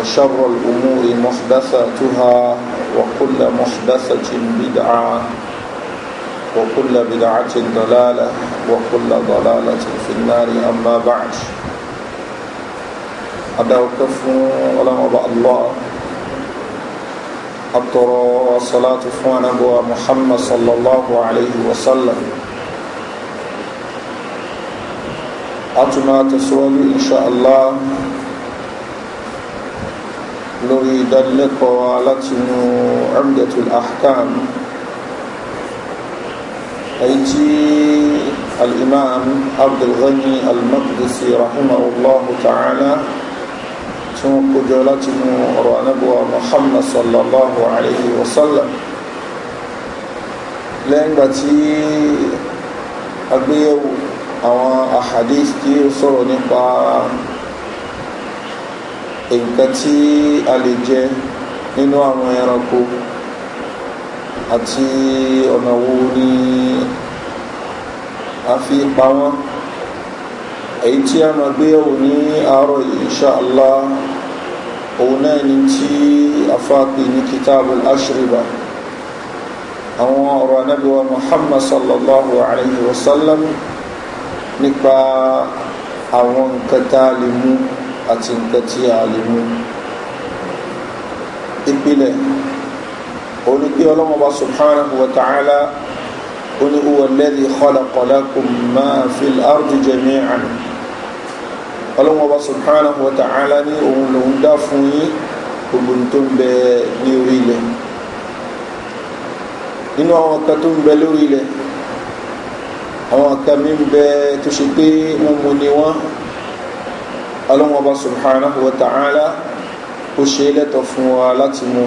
وشر الأمور محدثاتها وكل محدثة بدعة وكل بدعة ضلالة وكل ضلالة في النار أما بعد أدعوكف كفو مبأ الله أبطر صلاة فوانا محمد صلى الله عليه وسلم أتما تسوى إن شاء الله lórí ìdánilẹ́kọ̀ọ́ alátinú amdatul ahkam èyí tí al-imam abdulghani al-maqdisi rahimahullahu ta'ala tí wọ́n kójọ látinú ọ̀rọ̀ anábọ̀wá muhammad sallallahu alayhi wa sallam lẹ́yìn gbà tí agbéyẹ̀wò àwọn ahadith tí ó nípa nǹkan tí a lè jẹ nínú àwọn ẹranko àti ọ̀nà wo ni a fi pa wọ́n èyí tí a máa gbé yẹ̀wò ní àárọ̀ inṣàlá òun náà ni tí afáàpì ní kitabu ashriba àwọn ọ̀rọ̀ anábíwa muhammad sallallahu alayhi wa sallam nípa àwọn nǹkan tá a lè mú àti nǹkan tí a lè mú ìpìlẹ̀ òní pé ọlọ́mọba subhanahu wa ta'ala ó ní huwa alladhi khalaqa lakum ma fil ardi jami'an ọlọ́mọba subhanahu wa ta'ala ní òun lòun dá fún yín gbogbo tó ń bẹ ní orí nínú àwọn kan tó ń bẹ lórí àwọn kan mi ń bẹ tó ṣe pé wọ́n mu ni wọ́n ọlọ́mọba subhanahu wa ta'ala ó ṣe lẹ́tọ̀ fún wa láti mú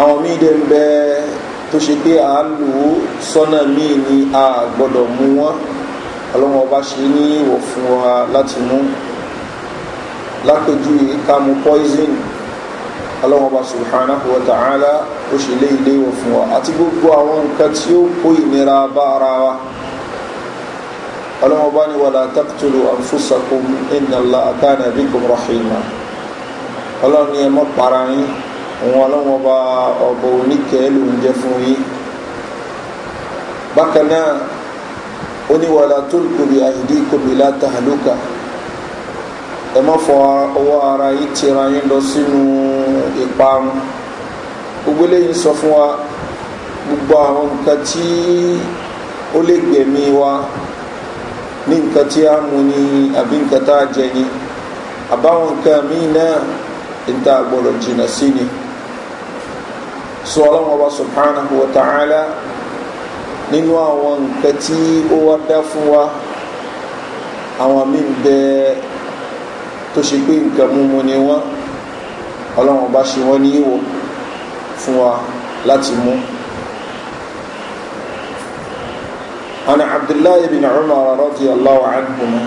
àwọn míì dẹ̀ ń bẹ tó ṣe pé à lò ó sọ́nà míì ni a gbọ́dọ̀ mú wọn ọlọ́mọba ṣe ní ìwọ̀ fún wa láti mú lápèjúwe ká mu poison ọlọ́mọba subhanahu wa ta'ala ó ṣe lé ilé ìwọ̀ fún wa àti gbogbo àwọn nǹkan tí ó kó ìnira bá ara wa ọlọ́wọ́ bá ní wàlá taqtulu anfusakum inna Allaha kana bikum rahima ọlọ́run ní ẹ má para yín òun ọlọ́wọ́ bá ọ̀bọ̀ oníkẹ́ ló ń jẹ́ fún yín bákan náà ó ní wàlá tulqu bi aydikum ila tahluka ẹ fọ ọwọ́ ara yín tira yín lọ sínú ìparun gbogbo eléyìí sọ fún wa gbogbo àwọn nǹkan tí ó lè gbẹ̀mí wa ní nǹkan tí a mú ni àbí nǹkan tá a jẹ ni àbáwọn nǹkan míì náà ń tá a gbọdọ̀ jìnnà sí ni sọ ọlọ́run ọba subhanahu wa ta'ala nínú àwọn nǹkan tí ó wá dá fún wa àwọn míì bẹ tó ṣe pé nǹkan múmu ni wọ́n ọlọ́run ọba ṣe wọ́n ní ìwò fún wa láti mú. عن عبد الله بن عمر رضي الله عنهما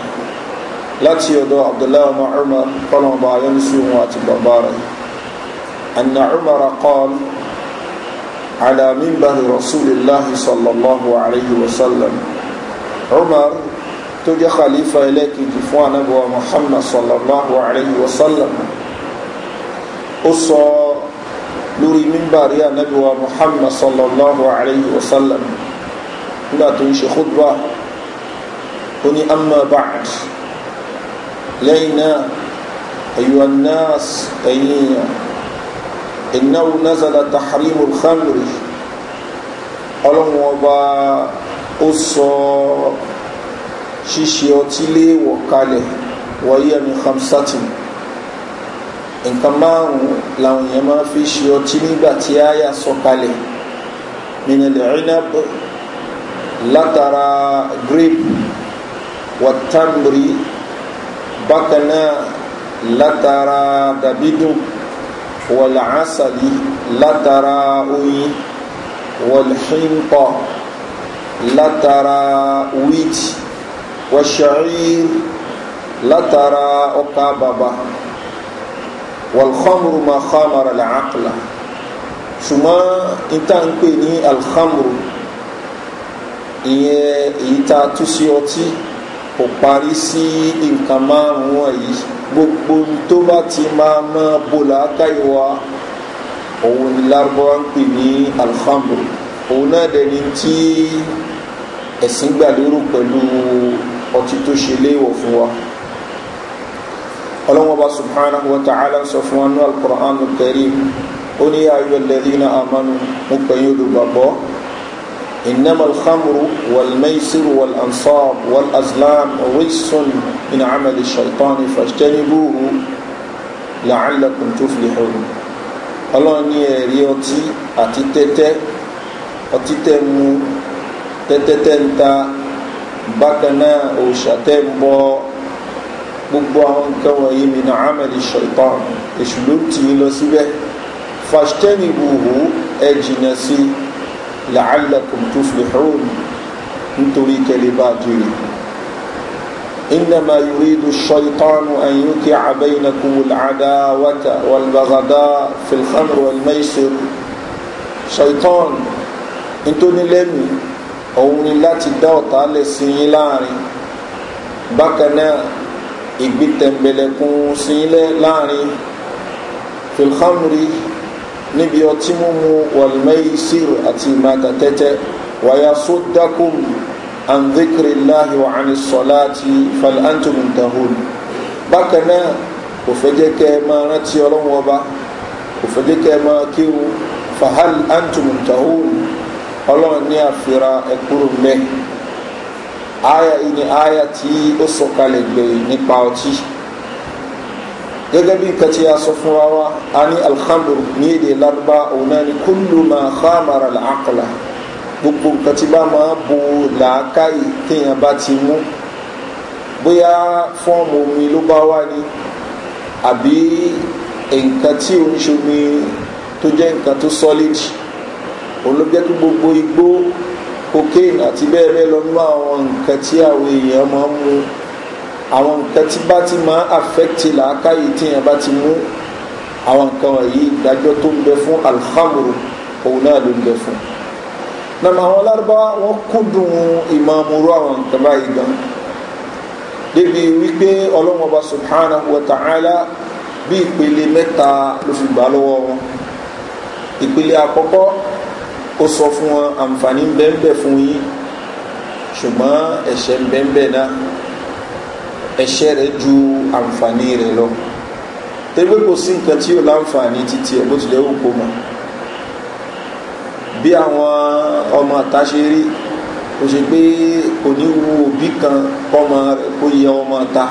láti ọ̀dọ̀ abdullahi ọmọ umar kọlọmọba ayọ́nisí wọn àti bàbá rẹ̀ anna umar kọ́l alamimbari rasulillahi sallallahu alayhi wa sallam umar tó jẹ́ khalifa ẹlẹ́kejì fún anabuwa muhammad sallallahu alayhi wa sallam ó sọ lórí mimbari anabuwa muhammad sallallahu alayhi wa sallam nígbà tó ń ṣe khutba ó ní amma ba'd lẹ́yìn náà ayyuha an-nas ẹ̀yìn èèyàn innahu nazala tahrimul khamri ọlọ́run ọba ó sọ ṣíṣe ọtí léèwọ̀ kalẹ̀ wọ̀nyí ẹni hamsatin nǹkan márùn-ún làwọn èèyàn máa fi ṣe ọtí nígbà tí aya sọ kalẹ̀ minal inab látara grape wàtàmbìrì bákan náà látara dàbídùn wàlàásàlì látara oyin wàlhínkọ látara wheat wàṣàrír látara ọkà bàbà wàlhámùrù ma hámàrà làákìlà ṣùgbọ́n ìtànkpé ní alhámùrù ìyẹn èyí tá a tú sí ọtí kò parí sí nǹkan márùn-ún wọ̀nyí gbogbo tó bá ti máa mọ́ bọ́lá káyọ̀wá òun ni lárúbáwá ń pè ní alhamdu òun náà dẹni tí ẹ̀sìn gbàlérò pẹ̀lú ọtí tó ṣe léèwọ̀ fún wa ọlọ́wọ́n bá subhanahu wa ta'ala sọ fún wa ní alukur'an kẹrin ó ní ayọ̀ lẹ́dínà àmánu mo pẹ̀yìn olùgbàgbọ́. إنما الخمر والميسر والأنصاب والأزلام رجس من عمل الشيطان فاجتنبوه لعلكم تفلحون ọlọ́run ní ẹ̀rí ọtí àti tẹ́tẹ́ ọtí tẹ́ mu tẹ́tẹ́ tẹ́ ń ta bákan náà òòṣà tẹ́ ń bọ gbogbo àwọn nǹkan wọ̀nyí mi náà amẹ́lì ṣọ̀tàn èṣù ló tì í lọ síbẹ̀ fàṣtẹ́nì wùhù ẹ̀ jìnà sí i la'allakum tuflihun nítorí kẹlẹ́ bá jèrè إنما يريد الشيطان أن يوقع بينكم العداوة والبغضاء في الخمر والميسر ṣàìtàn ntónilẹ́mì òun ni láti dá ọ̀tá lẹ̀ sí yín láàrin bákan náà ìgbìtẹ̀m̀bẹ̀lẹ̀kùn sí yín láàrin filhamri níbi ọtí mímu wàlmẹ́yìísìr àti ìmàtàtẹ́tẹ́ wàyà sódàkùn àǹdékèrè láhi wà ní sọlá àti falantumun tahun bákan náà kò fẹ́ jẹ́ kẹ́ ẹ máa rántí ọlọ́run ọba kò fẹ́ jẹ́ kẹ́ ẹ máa kírun fahal antumun ọlọ́run ní àfihàn ẹ̀kúrò mẹ́ aya yìí ni aya tí ó sọ̀kalẹ̀ gbẹ̀yìn nípa ọtí gẹ́gẹ́ bí nǹkan tí a sọ fún wa wá a ní alhamdu ní èdè larba òun náà ni kúlù máa khamara làákàlà gbogbo nǹkan tí bá máa bo làákàyè téèyàn bá ti mú bóyá fọ́ọ̀mù omi ló bá wá ní àbí nǹkan tí oníṣomi tó jẹ́ nǹkan tó solid òun gbogbo igbó cocaine àti bẹ́ẹ̀ bẹ́ẹ̀ lọ nínú àwọn nǹkan tí àwọn èèyàn máa ń mu àwọn nǹkan tí bá ti máa affect làákàyè tí yẹn bá ti mú àwọn nǹkan wọ̀nyí ìdájọ́ tó ń bẹ fún alhamdu òun náà ló ń bẹ fún nàmà àwọn lárúbáwá wọn kúndùn ìmọ̀ọ́mùrú àwọn nǹkan báyìí gan débi wípé ọlọ́wọ́n ọba wa ta'ala bí ìpele mẹ́ta ló fi gbà lọ́wọ́ wọn ìpele àkọ́kọ́ ó sọ fún wọn àǹfààní ń bẹ́ẹ̀ bẹ́ẹ̀ fún yín ṣùgbọ́n ẹ̀ṣẹ̀ bẹ́ẹ̀ bẹ́ẹ̀ náà ẹ̀ṣẹ́ rẹ̀ ju àǹfààní rẹ̀ lọ tẹ́gbẹ́ kò sí nǹkan tí yóò láǹfààní títí ẹ̀ bó tilẹ̀ ó kó mọ̀ bí àwọn ọmọ àtàṣe rí kò ṣe pé kò ní wo òbí kan kọ́mọ rẹ̀ kó yẹ ọmọ ta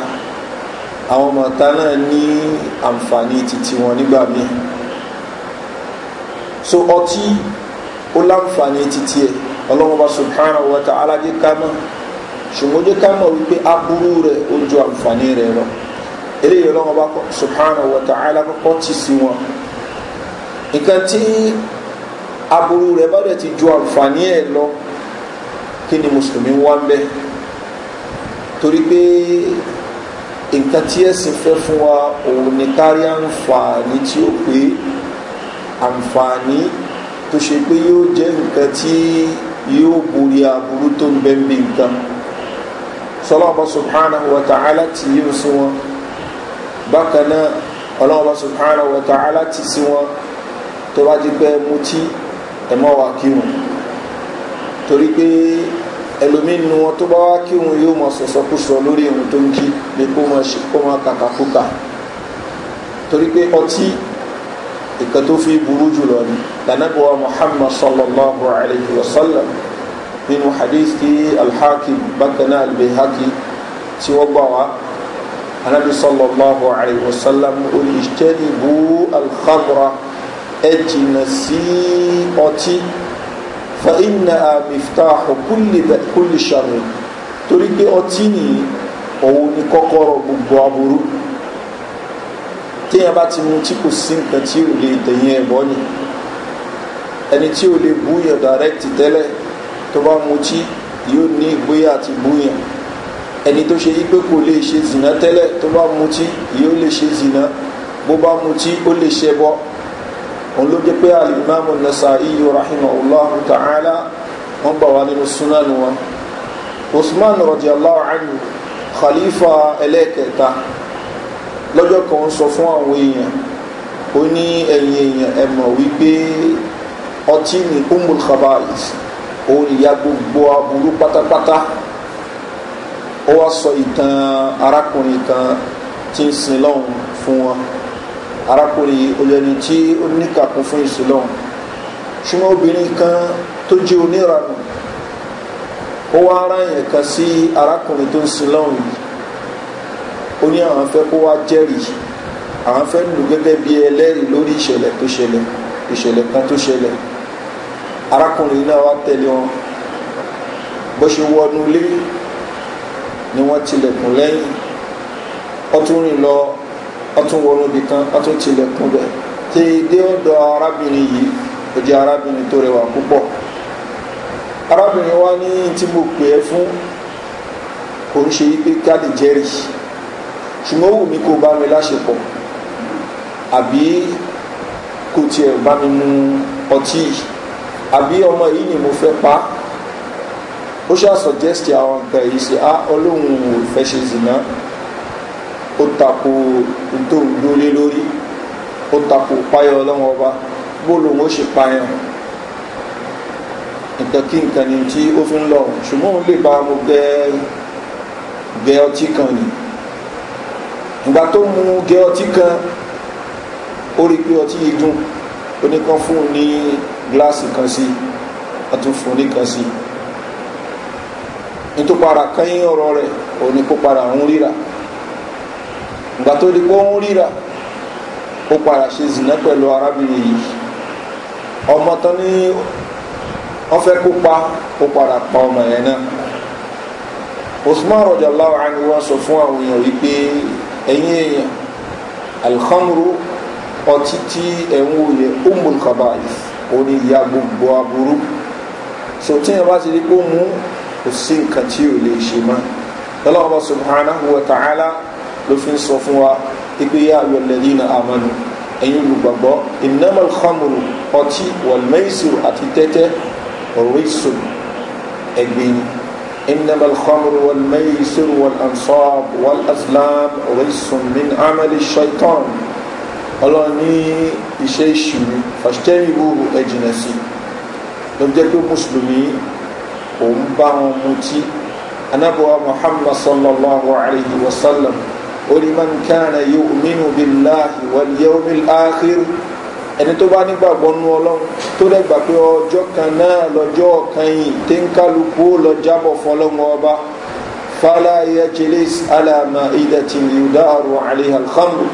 àwọn ọmọ ta náà ní àǹfààní títí wọn nígbà míì so ọtí ó láǹfààní títí ẹ̀ ọlọ́mọba subhanahu wa ta'ala jẹ́ ká náà ṣùgbọ́n jẹ́ ká mọ̀ wípé aburú rẹ̀ ó ju àǹfààní rẹ̀ lọ eléyìí ọlọ́wọ́n bá subhanahu wa ta'ala kọ́kọ́ ti sí wọn nǹkan tí aburú rẹ̀ bá dẹ̀ ti ju àǹfààní ẹ̀ lọ kí ni mùsùlùmí wá ń bẹ́ torí pé nǹkan tí ẹ̀sìn fẹ́ fún wa òun ni kárí àǹfààní tí ó pé àǹfààní tó ṣe pé yóò jẹ́ nǹkan tí yóò borí aburú tó ń bẹ́ bí nǹkan sọlọ́ọ̀bá subhanahu wa ta'ala ti yí sí wọn bákan náà ọlọ́ọ̀bá subhanahu wa ta'ala ti sí wọn tó bá ti pẹ́ mutí ẹ̀ mọ́ wa kírun torí pé ẹlòmínú wọn tó bá wá kírun yóò mọ sọ̀sọ̀kúsọ lórí ohun tó ń kí ni kó mọ ṣe kó mọ kàkàkúkà torí pé ọtí ìkan fi burú jùlọ ni lànàbọ̀wá muhammad sallallahu alayhi wa sallam nínú hadith tí alhaki bákaná albihaki tí wọ́n gbà wá anabi sallallahu alayhi wa sallam olùṣẹ́ni bu alhamra ẹ jìnnà sí ọtí fa inna amiftahu kulli sharri torí pé ọtí nìyí òun ni kọ́kọ́rọ̀ gbogbo aburú téèyàn bá ti mu tí kò sí nǹkan tí ò lè dẹ̀yìn ẹ̀bọ́ ni ẹni tí ò lè bú yàn direct tẹ́lẹ̀ tó bá mutí yóò ní ìgbóyà àti búyàn ẹni tó ṣe wípé kò lè ṣe zìnà tẹ́lẹ̀ tó bá mutí yóò lè ṣe zìnà bó bá mutí ó lè ṣe bọ́ òun ló jẹ́ pé alimami nasa iyo rahimahullah ta'ala wọ́n gbà wá nínú súnánù wọn usman rọ̀díaláwọ̀ ánú khalifa ẹlẹ́ẹ̀kẹta lọ́jọ́ kan ń sọ fún àwọn èèyàn ó ní ẹ̀yìn èèyàn ẹ̀mọ̀ wípé ọtí ni umul khabais òun ìyá gbogbo aburú pátápátá ó wá sọ ìtàn arákùnrin kan tí ń sin lọ́hùn fún wọn arákùnrin olóyìn tí ó níkàkún fún ìsìn lọ́hùn ṣùgbọ́n obìnrin kan tó jẹ́ oníranù ó wá ráyìn kan sí arákùnrin tó ń sin lọ́hùn yìí ó ní àwọn fẹ́ kó wá jẹ́rìí àwọn fẹ́ lù gẹ́gẹ́ bí ẹlẹ́rìí lórí ìṣẹ̀lẹ̀ tó ṣẹlẹ̀ ìṣẹ̀lẹ̀ kan tó ṣẹlẹ̀ arákùnrin náà wá tẹ̀lé wọn bó ṣe wọnú ilé ni wọ́n tilẹ̀kùn lẹ́yìn ọtún rìn lọ ọtún wọnú ibì kan ọtún tilẹ̀kùn bẹ̀ tí dé ọ̀dọ̀ arábìnrin yìí ó jẹ́ arábìnrin tó rẹwà púpọ̀ arábìnrin wa ní tí mo pè é fún kò ń ṣe wípé káàdì jẹ́rìí ṣùgbọ́n wù mí kó bá mi láṣepọ̀ àbí kò tiẹ̀ bá mi mu ọtí yìí àbí ọmọ yìí ni mo fẹ́ pa ó ṣáà sọ̀jẹ́sì àwọn nǹkan yìí sí á ah, ọlọ́run ò fẹ́ ṣe zìnà ó tako tó ń dúró lórí ó tako páyọ ọlọ́run ọba bó lòun ó ṣe payàn nǹkan kí nǹkan ni tí ó fi ń lọ ṣùgbọ́n òun lè bá mo gẹ gẹ ọtí kan ni ìgbà tó mu gẹ ọtí kan ó rí i pé ọtí yìí dùn ó ní kan fún un ní gíláàsì kan sí àtúnfòní kan sí nítòpara kẹ́yìn ọ̀rọ̀ rẹ̀ òní kó para ń ríra ìgbà tó di pé ó ń ríra ó para ṣe zìnà pẹ̀lú arábìnrin yìí ọmọ tán ní wọ́n para pa ọmọ yẹn náà usman rọjàláwà ni wọ́n sọ fún àwọn èèyàn wípé ẹ̀yìn èèyàn alhamdu ọtí tí ẹ̀ ń wòye ó mú òní ìyá gbogbo aburú so tí yẹn bá ti di pé ó mú kò sí nǹkan tí ò lè ṣe mọ́ lọ́lọ́wọ́ bá subhanahu wa ta'ala ló fi ń sọ fún wa ipe yá ayọ̀ lẹ́yìn náà amánu ẹ̀yin olùgbàgbọ́ ìnáma khamru ọtí wàlmẹ́sìrò àti tẹ́tẹ́ rísùn ẹ̀gbìn إنما الخمر والميسر والأنصاب والأزلام رجس من عمل الشيطان ọlọ́run ní iṣẹ́ ìṣúrí fàṣítẹ́rì wúwo ẹ̀jìnà sí ló jẹ́ pé mùsùlùmí òun bá wọn mutí anábọ̀wá muhammad sallallahu alayhi wa sallam onímọ̀n kánà yóò mínú bí láàhì wọ́n yẹ́ omi láàkiri ẹni tó bá nígbàgbọ́ nú ọlọ́run tó dẹ́gbà pé ọjọ́ kan náà lọ́jọ́ kan yìí tí ń kálukú lọ jábọ̀ fọlọ́mọ ọba fàlàyé jẹ́lẹ́sì alàmà ìdẹ̀tì yùdáàrú àlehàlhámù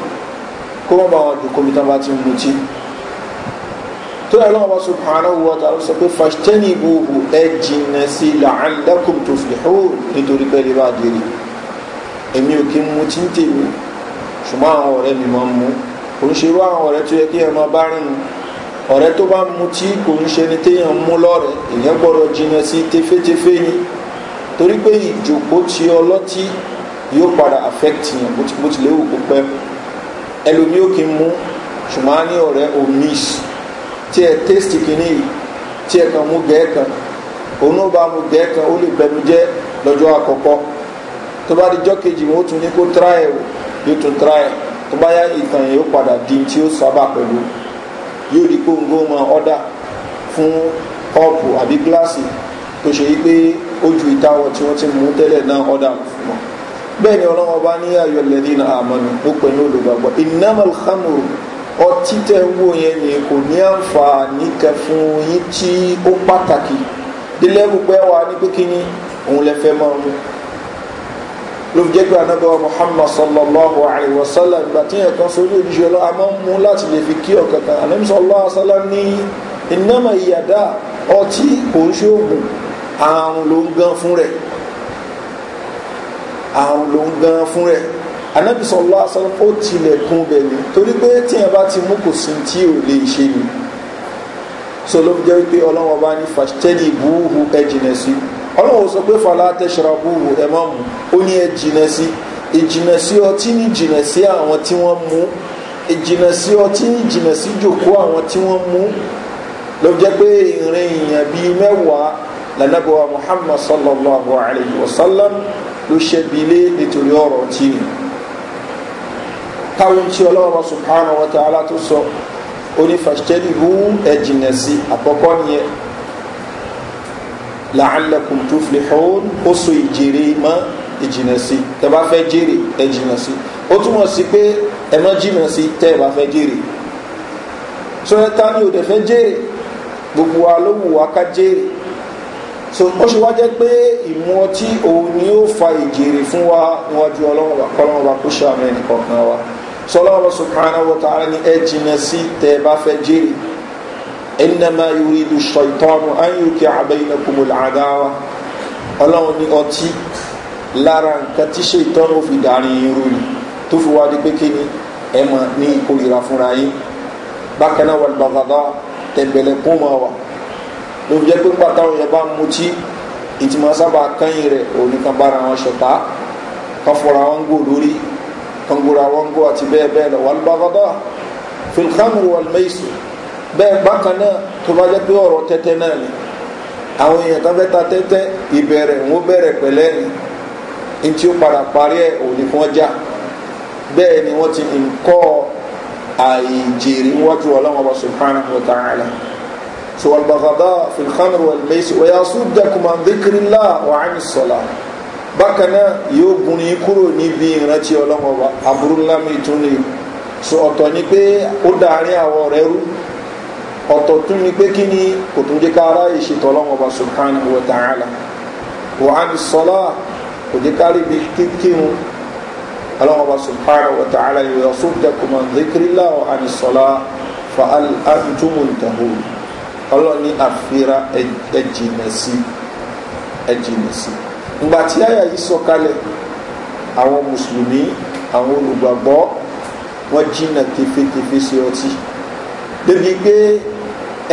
kó wọ́n bá wọn dùkú mi tán bá ti ń mutí tó yẹ lọ́wọ́ bá subhanahu wa ta'ala sọ pé fàṣtẹ́nì gbogbo ẹ jìnnà sí làálẹ́kùn tó fi hó nítorí pé lè bá dèrè èmi ò kí ń mutí ń tèmi ṣùgbọ́n àwọn ọ̀rẹ́ mi máa ń mú kò ń ṣe irú àwọn ọ̀rẹ́ tó yẹ kí ẹ máa bá rìn ọ̀rẹ́ tó bá mutí kò ń ṣe ni téèyàn mú lọ́rẹ̀ èèyàn gbọ́dọ̀ jìnnà sí tefétefé ni torí pé ìjòkó ti ọlọ́tí yóò padà affect yẹn bó tilẹ̀ wù kó pẹ́ ẹlòmí ó kì í mú ṣùgbọ́n a ní ọ̀rẹ́ omis tí ẹ tẹ́sítì kìíní yìí tí ẹ kàn mú gẹ́ẹ́ kan òun náà bá mú gẹ́ẹ́ kan ó lè bẹnu jẹ́ lọ́jọ́ àkọ́kọ́ tó bá di jọ́ kejì wọn ó tún ní kó tíráì yóò tún tíráì tó bá yá ìtàn yìí ó padà di tí ó sábà pẹ̀lú yóò di kóńgó mọ ọ́dà fún kọ́ọ̀pù àbí gíláàsì tó ṣe yí pé ó ju ìtawọ̀ tí wọ́n ti mú tẹ́lẹ̀ náà ọ̀dà lọ bẹ́ẹ̀ ni ọlọ́wọ́ bá ní ayọ̀ lẹ́dínà àmọ́nù ó pẹ̀lú olùgbàgbọ́ ìnámàl khamru ọtí tẹ́ ń wò yẹn ni kò ní àǹfààní kẹ fún yín tí ó pàtàkì délẹ́rù pẹ́ wa ní pé kíní òun lẹ fẹ́ máa mú ló fi jẹ́ pé anábẹ́wà muhammad sallallahu alayhi wa sallam ìgbà tí yẹn kan sórí òjijì ọlọ́ a máa ń mú láti lè fi kí ọ̀kan kan anam sallallahu alayhi ní ìnámà ìyàdá ọtí kò ń ṣe oògùn àrùn ló ń gan fún rẹ̀ àrùn ló ń gan fún rẹ̀ anabi sọlá sọlá ó tilẹ̀ kún bẹ̀ ni torí pé tíyẹn bá ti mú kò sí tí ò lè ṣe ni sọlọ́ jẹ́ pé ọlọ́wọ́n bá ní fàṣítẹ́lì búhù ẹ jìnà sí ọlọ́wọ́n sọ pé fàlà tẹ̀síra búhù ẹ má mú ó ní ẹ jìnà sí ìjìnà sí ọtí ní jìnà sí àwọn tí wọ́n mú ìjìnà sí ọtí ní jìnà sí jòkó àwọn tí wọ́n mú ló jẹ́ pé ìrìn ìyàn bíi mẹ́wàá lànàbọ̀wá muhammad sallallahu ló ṣẹbi ilé nítorí ọ̀rọ̀ tí ni káwọn tí ọlọ́run subhanahu wa ta'ala tó sọ onífàṣẹ́lì hu ẹ̀jìnà sí àkọ́kọ́ nìyẹn làálẹ̀kùn tó fi hàn ó so ìjèrè mọ́ ìjìnà sí tẹ bá fẹ́ jèrè ẹ̀jìnà sí ó túmọ̀ sí pé ẹ̀mọ́ jìnà sí tẹ́ ẹ̀ bá fẹ́ jèrè sọ́yẹ́ta ni ò dẹ̀ fẹ́ jèrè gbogbo wa ló wù wá ká jèrè so ó ṣe wá jẹ́ pé ìmú ọtí òun ni ó fa ìjèrè fún wa níwájú ọlọ́run wa kọ́lọ́run wa kó ṣàmì ẹnìkan kan wa sọlọ́run subhanahu wa ta'ala ni ẹ jìnà sí tẹ́ ẹ bá fẹ́ jèrè ẹnìnàmá yuridu ṣaitanu ayùkí àbẹ̀yìnàkùnmù làdáwa ọlọ́run ni ọtí lára nǹkan tí ṣaitanu fi dàrin irú ni tó fi wá di pé kí ni ẹ ní ìkórìíra fúnra yín bákan náà wàlúbàdàdà tẹ̀m̀bẹ̀lẹ̀kùn máa wà. ló jẹ́ pé pàtà òun yẹn bá ń mutí ìtìmọ̀ sábà kẹ́yìn rẹ̀ òní kan bára wọn ṣọ̀tá kan fọra wọn gò lórí kan gbòra wọn gò àti bẹ́ẹ̀ bẹ́ẹ̀ lọ wàlúbà bàbá filhamuru alimaisu bẹ́ẹ̀ bákan náà tó bá jẹ́ pé ọ̀rọ̀ tẹ́tẹ́ náà ni àwọn èèyàn tó fẹ́ ta tẹ́tẹ́ ìbẹ̀rẹ̀ wọn bẹ̀rẹ̀ pẹ̀lẹ́ ni n so walbaghada fi lkhamr walmeis wa yasuddakum an dhikrillah wa ani sala bákan náà yóò gun yín kúrò níbi ìrántí ọlọ́mọ wa aburú ńlá mi tún ni so ọ̀tọ̀ ni pé ó dàárín àwọn ọ̀rẹ́ rú ọ̀tọ̀ tún ni pé kí ni kò tún jẹ́ ká ara ìṣètò ọlọ́mọ wa subhanahu wa ta'ala wa ani sala kò jẹ́ ká rí bí kíkírun ọlọ́mọba subhanahu wa ta'ala yóò yasuddakum an dhikrillah wa ani sala fa al antumul tahun ọlọ́ni àfira ẹ̀jìnà sí ẹ̀jìnà sí ìgbà tí àyà yìí sọkalẹ̀ àwọn mùsùlùmí àwọn olùgbàgbọ́ wọ́n jìnà tefetefe sí ọtí débi pé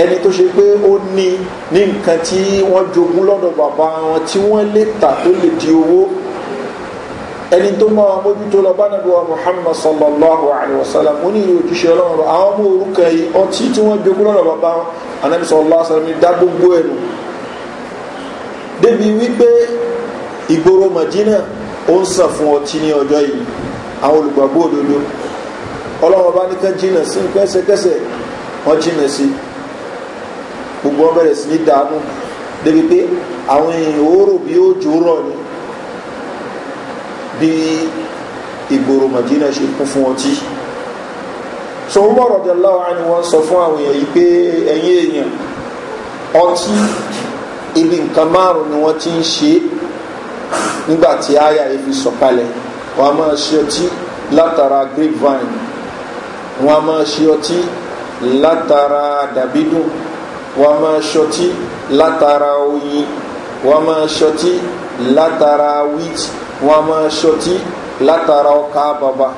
ẹni tó ṣe pé ó ní ní nǹkan tí wọ́n jogún lọ́dọ̀ bàbá wọn tí wọ́n lè tà tó lè di owó ẹni tó mọ́ àwọn mójútó lọ bá nàbí wa muhammad sallallahu alaihi wasallam ó ní ìròjúṣe ọlọ́run àwọn ọmọ orúkọ yìí ọtí tí wọ́n jogún lọ́dọ̀ bàbá wọn anabi sọlá sọlá mi dá gbogbo ẹ̀ nù débi wípé ìgboro madina ó ń sàn fún ọtí ní ọjọ́ yìí àwọn olùgbàgbọ́ òdodo ọlọ́run bá ní ká jìnà sí kẹ́sẹ̀kẹ́sẹ̀ wọ́n jìnà sí gbogbo wọn bẹ̀rẹ̀ sí ní dànù débi pé àwọn èèyàn òórò bí òjò rọ̀ ni bí ìgboro madina ṣe kún fún ọtí so Umar radiyallahu anhu wọ́n sọ fún àwọn èèyàn yìí pé ẹ̀yin èèyàn ọtí ibi nǹkan márùn ni wọ́n ti ń ṣe nígbà tí àyà yìí fi sọ̀kalẹ̀ wọ́n a máa ṣe ọtí látara grapevine wọ́n a máa ṣe ọtí látara dàbídùn wọ́n a máa ṣe ọtí látara oyin wọ́n a máa ṣe ọtí látara wheat wọ́n a máa ṣe ọtí látara ọkà bàbà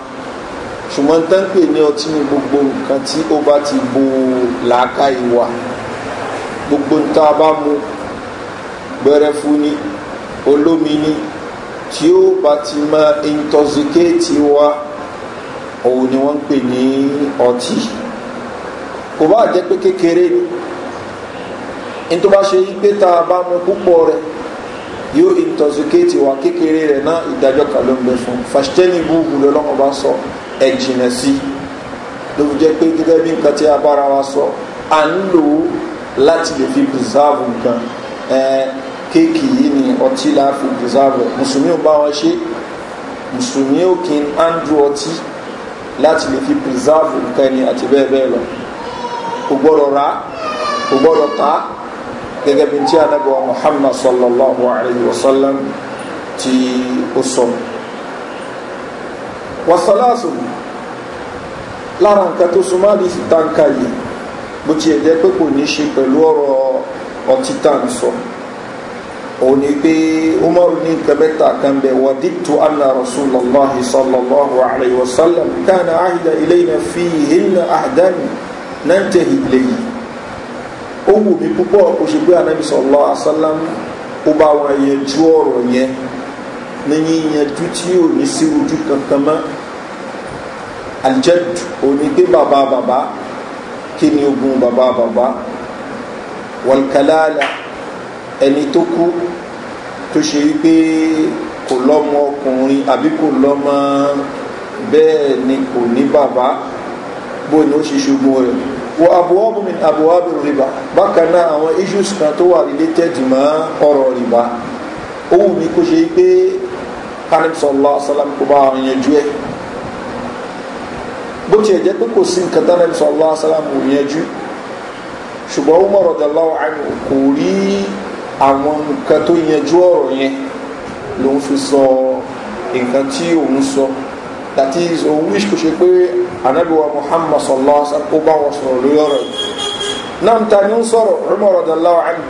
ṣùgbọ́n tán pè ní ọtí ní gbogbo nǹkan tí ó bá ti bo làákà ìwà gbogbo ń tá bá mu gbẹrẹfu ni olómi ni tí ó bá ti mọ intoxicate wa òun ni wọ́n ń pè ní ọtí kò bá jẹ́ pé kékeré ni n tó bá ṣe yí pé tá bá mu púpọ̀ rẹ̀ yóò intoxicate wa kékeré rẹ̀ náà ìdájọ́ kan ló ń bẹ fún fàṣítẹ́nì búburú lọ́wọ́ sọ. So ẹ jìnà sí ló fi jẹ́ pé gẹ́gẹ́ bí nǹkan tí a bára wa sọ à ń lò ó láti lè fi preserve nǹkan kéèkì yìí ni ọtí la fi preserve mùsùlùmí ò bá wọn ṣe mùsùlùmí ò kí ń andrew ọtí láti lè fi preserve nǹkan ni àti bẹ́ẹ̀ bẹ́ẹ̀ lọ kò gbọ́dọ̀ rà kò gbọ́dọ̀ ta gẹ́gẹ́ bí tí a muhammad sallallahu alayhi wa sallam ti ó sọ̀rọ̀ wàsálàsù lára nǹkan tó súnmọ́ àdìsí táǹkà yìí bó tiẹ̀ jẹ́ pé kò ní ṣe pẹ̀lú ọ̀rọ̀ ọtí tá à ń sọ òun ni pé umaru ní nǹkan mẹ́ta kan bẹ̀ wà dìtò anna rasulillahi sallallahu alayhi wa sallam kánà àhìdá ilé iná fi ìhìnà àdáni náà ń ilé yìí ó wù mí púpọ̀ kò ṣe pé anabi sallallahu alayhi wa sallam ó bá wọn yẹn ju ọ̀rọ̀ yẹn ní yíyanjú tí ò ní sí ojú kankan mọ́ aljẹ́dù òní pé baba bàbá kí ni ogun bàbá bàbá wàlkàlàlà ẹni tó kú tó ṣe wípé kò lọ́mọ ọkùnrin àbí kò lọ́mọ bẹ́ẹ̀ ni kò ní bàbá bó ni ó ṣe ṣogun rẹ̀ wọ abúwábù mi abúwábù bákan náà àwọn issues kan tó wà related mọ́ ọ̀rọ̀ rìbá ó wù mí kó ṣe wípé kánìpsọ̀lá sálám kó bá yanjú ẹ̀ bó tiẹ̀ jẹ́ pé kò sí nǹkan tánà bí sọ́lá sálàmù yẹnjú ṣùgbọ́n ó mọ̀rọ̀ dàlá àánú kò rí àwọn nǹkan tó yẹnjú ọ̀rọ̀ yẹn lòun fi sọ nǹkan tí òun sọ that is òun wíṣ kò ṣe pé anábìwa muhammad sọlá ó bá wọn sọ̀rọ̀ lórí ọ̀rọ̀ yìí náà ta ni ó ń sọ̀rọ̀ ó mọ̀rọ̀ dàlá àánú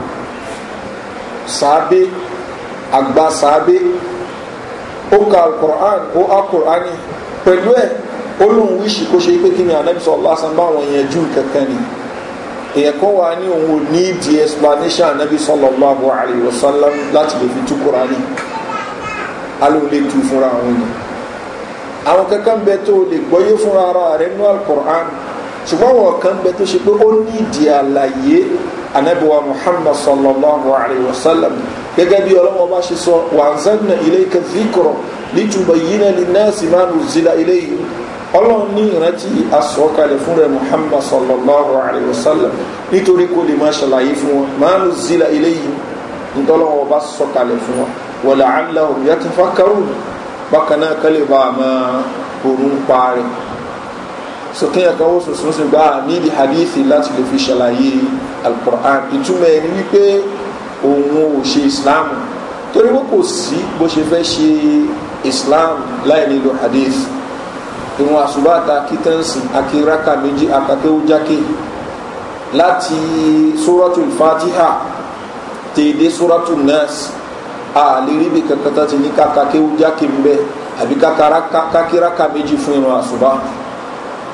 sàábé àgbà sàábé ó ka alukur'an ó á pẹ̀lú ẹ̀ olóhùn wíṣì kó ṣe pé kí ni anabisọ lásán báwọn yẹn jù kankan ni èèyàn kan wà ní òun ò ní di explanation anabisọ lọlọ́àbọ̀ àríwọ̀sálám láti lè fi tú kúránì alóòlé tu fúnra àwọn yẹn àwọn kankan bẹ tó lè gbọ́yé fúnra ara rẹ nú alukur'an ṣùgbọ́n àwọn kan bẹ tó ṣe pé ó ní di àlàyé anabiwa muhammad sallallahu alayhi wa sallam gẹ́gẹ́ bí ọlọ́wọ́ bá ṣe sọ ọlọ́run ní ìrántí asọ̀kalẹ̀ fún rẹ̀ muhammad sallallahu alayhi wa sallam nítorí kó lè máa ṣàlàyé fún wọn máa ló zila ilé yìí ntọ́lọ́wọ́ bá sọ̀kalẹ̀ fún wọn wọ̀lá aláwọ̀ yá ti fákàrù bákan náà kálẹ̀ bá a máa òru ń parí sọkẹ́yà kan ó sọ̀sọ̀ sí gbá nídìí hadithi láti lè fi ṣàlàyé alukur'an ìtumọ̀ ẹni wípé òun ò ṣe islam torí wọn kò sí bó ṣe fẹ́ ṣe islam láì nílò hadith ìwọn àṣùbà ta kítẹ́ǹsì akínraka méjì akakéwújákè láti sóràtù fatiha tèdè sóràtù nurse àlérí bí kankan tó ti ní kakakéwújákè ń bẹ àbí kakiraka méjì fún ìwọn àṣùbà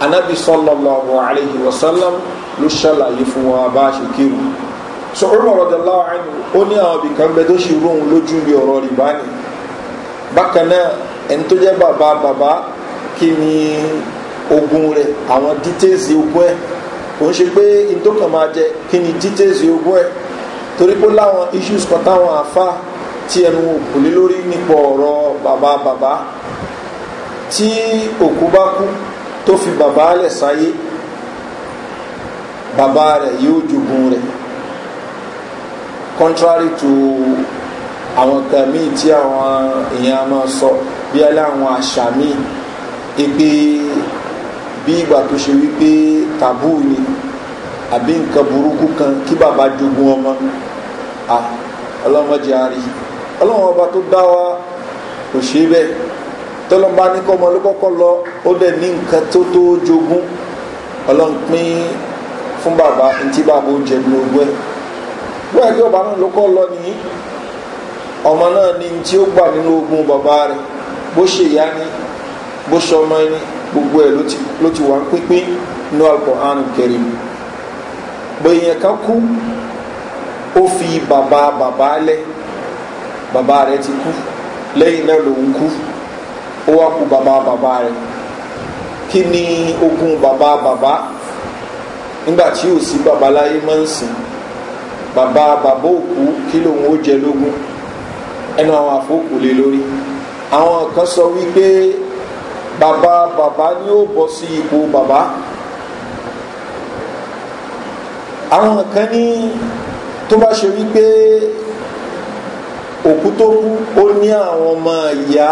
anabi sallallahu alayhi wa sallam ló ṣàlàyé fún wa bá a ṣe kírun so umar radiallahu anhu ó ní àwọn ibìkan bẹ tó ṣe rún lójú bí ọ̀rọ̀ rìbá ni bákan náà ẹni tó jẹ́ bàbá bàbá kí ni ogun rẹ̀ àwọn details ogun ẹ̀ kò ń ṣe pé ìdókàn máa jẹ kí ni details ogun ẹ̀ torí pé láwọn issues kan táwọn àfa tí ẹnu kò lé lórí nípa ọ̀rọ̀ bàbá bàbá tí òkú bá kú tó fi bàbá lẹ̀ sáyé bàbá rẹ̀ yóò jogun rẹ̀ contrary to àwọn kan míì tí àwọn èèyàn máa sọ bí ẹ láwọn àṣà míì ipe bí ìgbà tó ṣe wípé tàbú ni àbí nǹkan burúkú kan kí bàbá jogun ọmọ à ọlọ́mọdé àárí ọlọ́run ọba tó dá wa kò ṣe bẹ́ẹ̀ tọ́lọ́mbá ní kọ́mọ ló kọ́kọ́ lọ ó dẹ̀ ní nǹkan tó tó jogun ọlọ́run pín fún bàbá ntí bàbá oúnjẹ ní ogún ẹ̀ bẹ́ẹ̀ kí ọba náà ló kọ́ lọ nìyí ọmọ náà ní tí ó gbà nínú ogun bàbá rẹ̀ bó ṣe ìyá ni bó ṣọmọ ẹni gbogbo ẹ̀ ló ti wà ń pínpín ní alquran kẹrin bẹ̀yẹn kan kú ó fi bàbá bàbá lẹ bàbá ti kú lẹ́yìn náà lòun kú ó wá kú bàbá bàbá rẹ kí ni bàbá bàbá nígbà tí ò sí máa ń sìn bàbá bàbá kí lòun ó jẹ lógún ẹnu àwọn lé lórí sọ wípé Baba bàbá ni ó bọ́ sí ipò bàbá àwọn kan ní tó bá ṣe wípé òkú tó kú ó ní àwọn ọmọ ìyá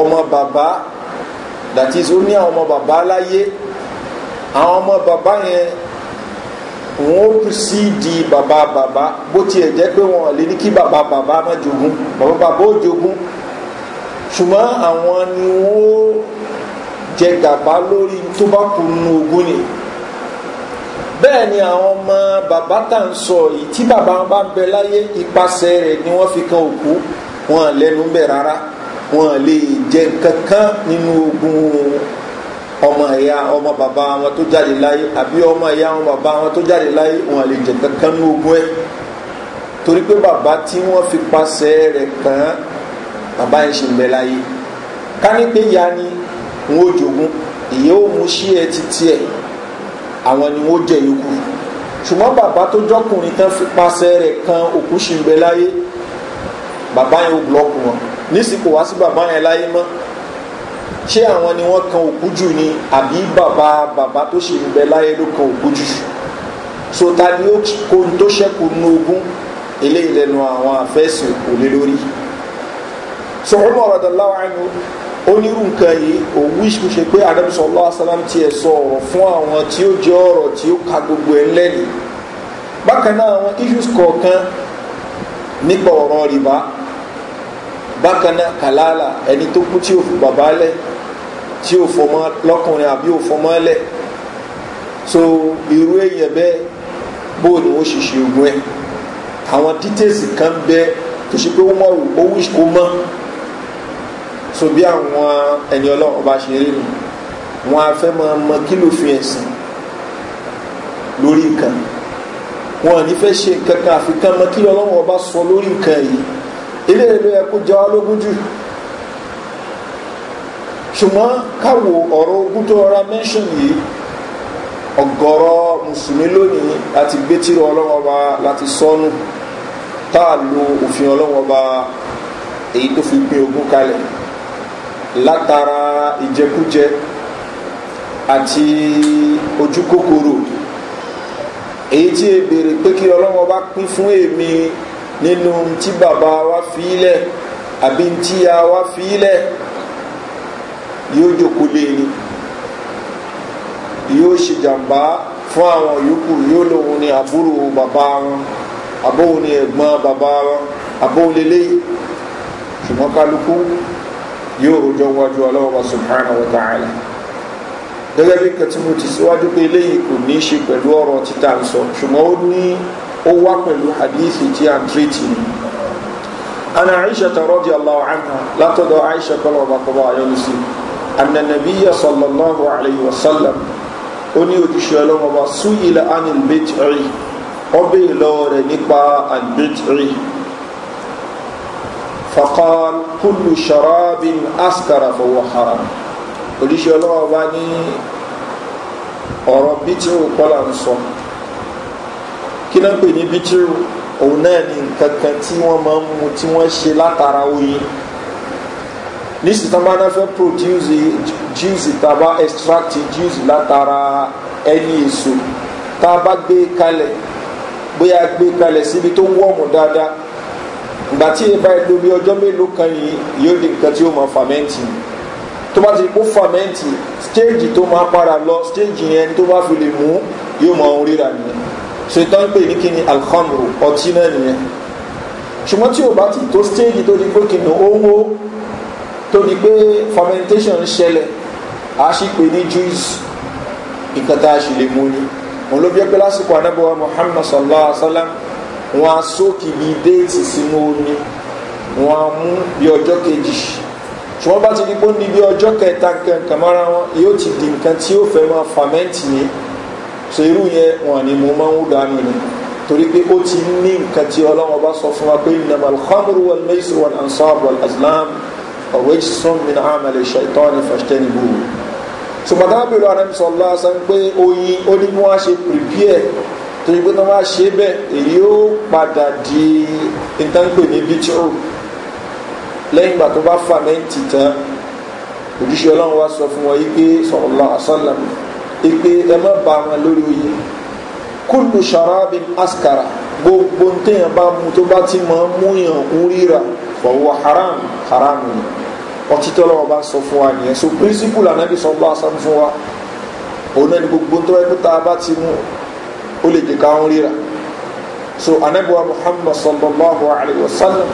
ọmọ Baba that is ó ní àwọn ọmọ Baba láyé àwọn ọmọ Baba yẹn wọn ó pìsíìdì bàbá bàbá bó tiẹ̀ jẹ́ pé wọn lè ní kí bàbá bàbá má jogún bàbá bàbá ó jogún ṣùgbọ́n àwọn ni wọn ó jẹ gàba lórí tó bá kú nínú ogún ni bẹ́ẹ̀ ni àwọn ọmọ bàbá tá ń sọ yìí tí bàbá wọn bá bẹ láyé ipasẹ̀ rẹ̀ ni wọ́n fi kan òkú wọn lẹ́nu bẹ̀ rárá wọn lè jẹ kankan nínú ogún ọmọ ẹ̀yà ọmọ bàbá wọn tó jáde láyé àbí ọmọ ẹ̀yà ọmọ bàbá wọn tó jáde láyé wọn lè jẹ kankan nínú ogún ẹ̀ torí pé bàbá tí wọ́n fi pasẹ̀ rẹ̀ kàn bàbá yẹn ṣì ń bẹ láyé ká ní pé ya ni wọn ò jogún ìyẹn ò mú sí ẹ títí ẹ àwọn ni wọn jẹ yòókù ṣùgbọ́n bàbá tó jọkùnrin tán fi pàṣẹ rẹ̀ kan òkú ṣì ń bẹ láyé bàbá yẹn ò búlọ́ọ̀kù wọn nísìkò wá sí bàbá yẹn láyé mọ́ ṣé àwọn ni wọ́n kan òkú jù ni àbí bàbá bàbá tó ṣì ń bẹ láyé ló kan òkú jù so ni ó kó n tó ṣẹ́kù nínú eléyìí lẹ́nu àwọn àfẹ́sìn òlé lórí so ọmọ ọ̀rọ̀ dàláwà ẹnu onírú nǹkan yìí òun wíṣ kò ṣe pé àdàbísọ ọlọ́wà sálám tiẹ̀ sọ ọ̀rọ̀ fún àwọn tí ó jẹ́ ọ̀rọ̀ tí ó ka gbogbo ẹ̀ lẹ́nu bákan náà àwọn issues kọ̀ọ̀kan nípa ọ̀rọ̀ rìbá bákan náà kàlálà ẹni tó kú tí ò fi bàbá lẹ̀ tí ò fọmọ lọ́kùnrin àbí ò fọmọ lẹ̀ so irú èèyàn bẹ́ẹ̀ bó ni wọ́n ṣe ṣe ògùn ẹ̀ àwọn details kan bẹ́ẹ̀ tó ṣe pé wọ́n mọ̀ ò kó mọ́ so bí àwọn ẹni ọlọ́run bá ṣe rí nu wọn a fẹ́ máa mọ kí ló fi ẹ̀sìn lórí nǹkan wọn ò ní fẹ́ ṣe nǹkan kan àfi kán mọ kí ọlọ́run ọba sọ lórí nǹkan yìí ilé ìlú ẹ kó jẹ wá lógún jù ṣùgbọ́n káwo ọ̀rọ̀ ogun tó rọra mẹ́ṣọ̀n yìí ọ̀gọ̀rọ̀ mùsùlùmí lónìí láti gbé tírò ọlọ́run ọba láti sọnù tá a lo òfin ọlọ́run ọba èyí tó fi gbé ogun kalẹ̀ látara ìjẹkújẹ àti ojúkòkòrò èyí tí e béèrè pé kí ọlọ́wọ́ bá pín fún èmi nínú tí bàbá wa fi ilẹ̀ àbí tí a wa fi ilẹ̀ yóò jòkó lé e ní yóò ṣe fún àwọn yòókù ni àbúrò bàbá wọn àbóhun ni ẹ̀gbọ́n bàbá wọn àbóhun yóò rojọ́ wájú ọlọ́wọ́ subhanahu wa ta'ala gẹ́gẹ́ bí nǹkan tí mo ti síwájú pé eléyìí kò ní í ṣe pẹ̀lú ọ̀rọ̀ títà ń sọ ṣùgbọ́n ó ní ó wá pẹ̀lú hadithi tí a ń tírètì ni ana aisha ta rọ́dí allahu anha látọ̀dọ̀ aisha kọlọ̀ bàkọ́bọ̀ ayọ́lu sí anna nabiya sallallahu alayhi wa sallam ó ní ojúṣe ọlọ́mọba sú ilẹ̀ anil bẹ́tìrì ọbẹ̀ ìlọ rẹ̀ nípa albẹ́tìrì فقال كل شراب أسكر فهو حرام oríṣi ọlọ́wọ́ bá ní ọ̀rọ̀ bítíru kọ́là ń sọ kí náà pè ní bítíru òun náà ni nǹkan kan tí wọ́n máa ń mu tí wọ́n ṣe látara oyin nísìsiyìí tán bá náà fẹ́ produce juice tàbá extract juice látara ẹni èso tá a bá gbé kalẹ̀ bóyá gbé kalẹ̀ síbi tó wọ́ọ̀mù dáadáa ìgbà tí ìbá ìlú bí ọjọ́ mélòó kan yìí yóò di nǹkan tí ó máa fàmẹ́ǹtì tó bá ti kó fàmẹ́ǹtì stéèjì tó máa para lọ stéèjì yẹn tó bá fi lè mú yóò máa ń ríra nìyẹn ṣètò ń pè ní kíni alhamdu ọtí náà nìyẹn ṣùgbọ́n tí o bá ti tó stéèjì tó di pé kíni owó tó di pé fermentation ń ṣẹlẹ̀ a sì pè ní juice nǹkan tá a sì lè mú ni òun ló bí ẹgbẹ́ lásìkò anábọ̀wá muhammad sallallahu alaihi wa sallam wọn a sókè bíi déètì sínú omi wọn a mú bí ọjọ́ kejì ṣùgbọ́n bá ti di pé ó ní bí ọjọ́ kẹta kankan mọ́ra wọn yóò ti di nǹkan tí yóò fẹ́ máa fàmẹ́ǹtì ni so irú yẹn wọn ni mo máa ń dànù ni torí pé ó ti ní nǹkan tí ọlọ́wọ́n bá sọ fún wa pé nàmal khamru wal maisu wal ansab wal azlam ọ̀wẹ́jì sọ́n mi náà àmàlẹ̀ ṣàìtọ́ ni fàṣtẹ́ni gbòòrò sùgbọ́n tábìlì ọ̀rẹ́mi sọ̀lá sọ pé oyin ó ní bí wọ́n ṣe pèpìẹ́ tó yẹ pé tó máa ṣe bẹ́ẹ̀ èyí ó padà di ìtànpè ní bíjọ́ lẹ́yìn ìgbà tó bá fà mẹ́ǹtì tán òjíṣe ọlọ́run wá sọ fún wọn yí pé sọ̀rọ̀lá àsálàm ìpè ẹ má ba wọn lórí oyè kúlù sàrábì àskàrà gbogbo téèyàn bá mu tó bá ti mọ̀ mú yàn ń ríra fọwọ́ haram haram ni ọtí tọ́lọ́wọ́ bá sọ fún wa nìyẹn so pírísìpù lànà bí sọ̀rọ̀lá àsálàm fún wa òun náà ni gbogbo tó bá ti mú o lè jẹ́ káwọn ríra so anabiwa muhammad sallallahu alayhi wa sallam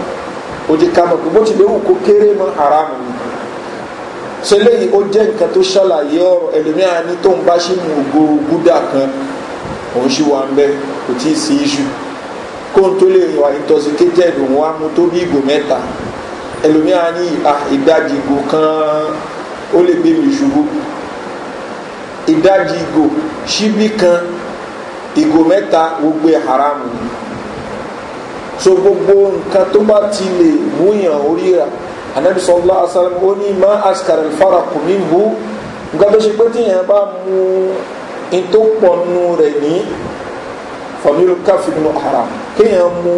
o jẹ́ káwọn kò bó ti léwu kó kéré mọ́ haramu ni so eléyìí ó jẹ́ nǹkan tó ṣàlàyé ọ̀rọ̀ ẹlòmíràn ní tó ń bá ṣì mú ògo gúdà kan òun ṣì wà ń bẹ kò tí ì sí iṣu kó n tó lè wà intoxicated òun wá mu tó bí ìgò mẹ́ta ẹlòmíràn ní ah, ìdajì ìgò kan ó lè gbé mi ṣubú ìdajì ìgò ṣíbí kan ìgò mẹ́ta gbogbo ẹ̀ haramu ni so gbogbo nǹkan tó bá ti lè múyàn oríra anabi sọlá asalam ó ní má askari fara kù mí bu nǹkan tó ṣe pé tíyẹn bá mu in tó pọnú rẹ̀ ní familu káfíńnù haram kéèyàn mu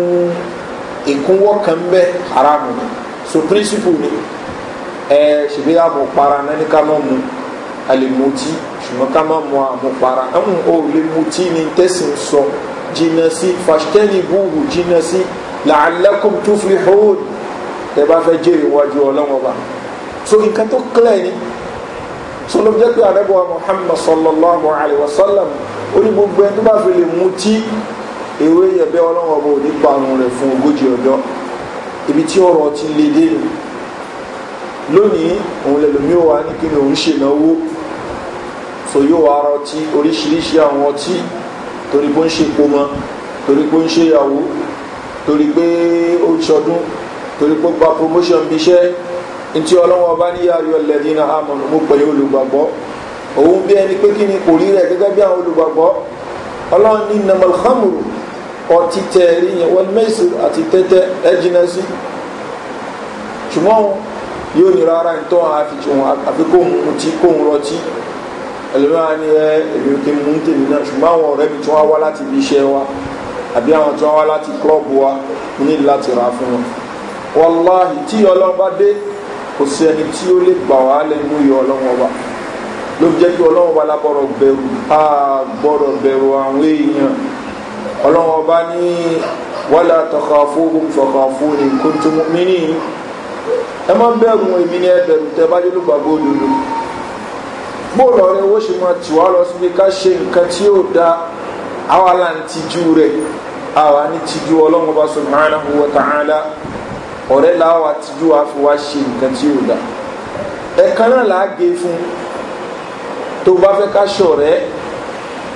ìkúnwọ́ kan bẹ́ haramu ni so principle ni ẹ ṣèlérí àbọ̀ para náà ká má mu a lè mutí ṣùgbọ́n ká má mu àmupara ẹ̀hún o lè mutí ní tẹ̀sán sọ jìnnà sí fàṣítẹ́nì búhù jìnnà sí làálẹ́kùn tó fi hóòdù tẹ bá fẹ́ jèrè iwájú ọlọ́wọ́n bá so nǹkan tó kílẹ̀ ni so pé àrẹ́bọ̀ muhammad sallallahu alayhi wa sallam ó ní gbogbo ẹni tó bá fi lè mutí ewé yẹ̀bẹ́ ọlọ́wọ́n bá ò ní parun rẹ̀ fún ogójì ọjọ́ ibi tí ọ̀rọ̀ ti lè dé lónìí òun lẹ́lòmíọ́ wa ní kí ni òun ṣèlówó so yóò wá ara ọtí oríṣiríṣi àwọn ọtí torí pé ó ń ṣe pomọ torí pé ó ń ṣe ìyàwó torí pé ó ń ṣọdún torí pé ó gba promotion bí iṣẹ́ ntí ọlọ́wọ́n bá ní yàrá ọlẹ́dí náà àmọ̀nà mo pẹ̀lú olùgbàgbọ́ òun bí ẹni pé kí ni kò rí rẹ̀ gẹ́gẹ́ bí àwọn olùgbàgbọ́ ọlọ́run ní namalhamuru ọtí tẹ̀rí yẹn wọ́n mẹ́sì àti tẹ́tẹ́ ẹ̀jìnà sí ṣùgbọ́n yóò ní rárá ìtọ́ àfikún àfikún kóhun rọtí ẹlòmíràn ni ẹ èmi ò tẹ̀mí ń tẹ̀mí náà ṣùgbọ́n àwọn ọ̀rẹ́ mi tí wọ́n wá láti ibi iṣẹ́ wa àbí àwọn tí wọ́n wá láti klọ́ọ̀bù wa mo ní láti ra fún wọn. wàláhì tí ọlọ́run bá dé kò sí ẹni tí ó lè gbà wá lẹ́nu yọ ọlọ́run ọba ló jẹ́ kí ọlọ́run ọba lábọ̀rọ̀ bẹ̀rù á gbọ́dọ̀ bẹ̀rù àwọn èèyàn ọlọ́run ọba ní wàlá tọkà fóògùn fọkà fóònì mi ní ẹ má bẹ̀rù èmi ní ẹ bẹ̀rù tẹ bá dé ló òdodo bóòlù ọ̀rẹ́ owó ṣe mọ tiwa lọ síbi ká ṣe nǹkan tí yóò da àwa là ń tijú rẹ̀ àwa ní tijú ọlọ́run bá subhanahu wa ta'ala ọ̀rẹ́ làwa tijú wa fi wá ṣe nǹkan tí yóò da ẹ̀kan náà là á gé fún tó bá fẹ́ ká ṣọ̀rẹ́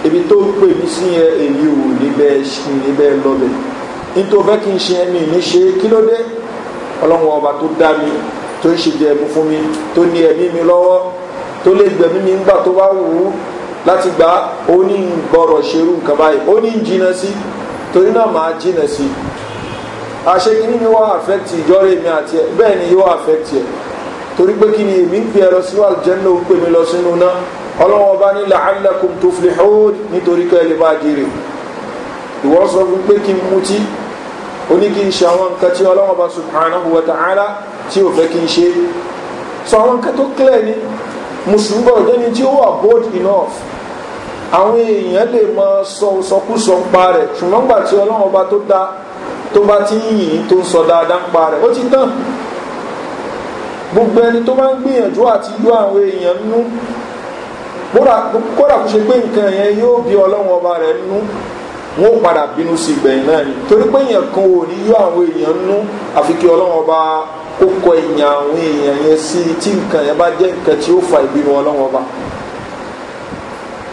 ibi tó ń pè mí sí yẹn èyí ò níbẹ̀ ṣì níbẹ̀ lọ́bẹ̀ nítorí fẹ́ kí n ṣe ẹni ní ṣe kí ló dé ọlọ́run ọba tó dá mi tó ń ṣe jẹ ẹ̀mú fún mi tó ní ẹ̀mí mi lọ́wọ́ tó lè gbẹ̀mí mi ńgbà tó bá wù ú láti gba oní gbọ́rọ̀ ṣerú nǹkan báyìí ó ní jìnnà sí torí náà máa jìnnà sí àṣẹ kí ni yóò affect ìjọ́rẹ́ mi àti ẹ̀ bẹ́ẹ̀ ni yóò affect ẹ̀ torí pé kí ni èmi ń pè ẹ̀rọ síwájú jẹ́ ní òun pè mí lọ sínú náà ọlọ́wọ́n bá ní làálẹ́kùn tó fi hóòd nítorí kẹ́ lè máa jèrè ìwọ́n sọ fún pé kí n mutí ó ní kí n ṣe àwọn nǹkan tí ọlọ́wọ́n bá subhanahu wa ta'ala tí ò fẹ́ kí n ṣe sọ àwọn nǹkan tó clear ni mùsùlùmí gbọ́dọ̀ jẹ́ni tí ó wà bold enough àwọn èèyàn lè mọ sọkúsọ ń pa rẹ̀ ṣùgbọ́n gbà tí ọlọ́run ọba tó dá tó bá ti ń yìn tó ń sọ dáadáa ń pa rẹ̀ ó ti tán gbogbo ẹni tó bá ń gbìyànjú àti yọ àwọn èèyàn nú kódà kó ṣe pé nǹkan yẹn yóò bí ọlọ́run ọba rẹ̀ nú wọn ó padà bínú sí ìgbẹ̀yìn náà ni torí pé èèyàn kan ò ní yọ àwọn èèyàn nú àfi kí ọlọ́run ọba kó kọ ìyàn àwọn èèyàn yẹn sí tí nǹkan yẹn bá jẹ́ nǹkan tí ó fa ìbínú ọlọ́wọ́n ọba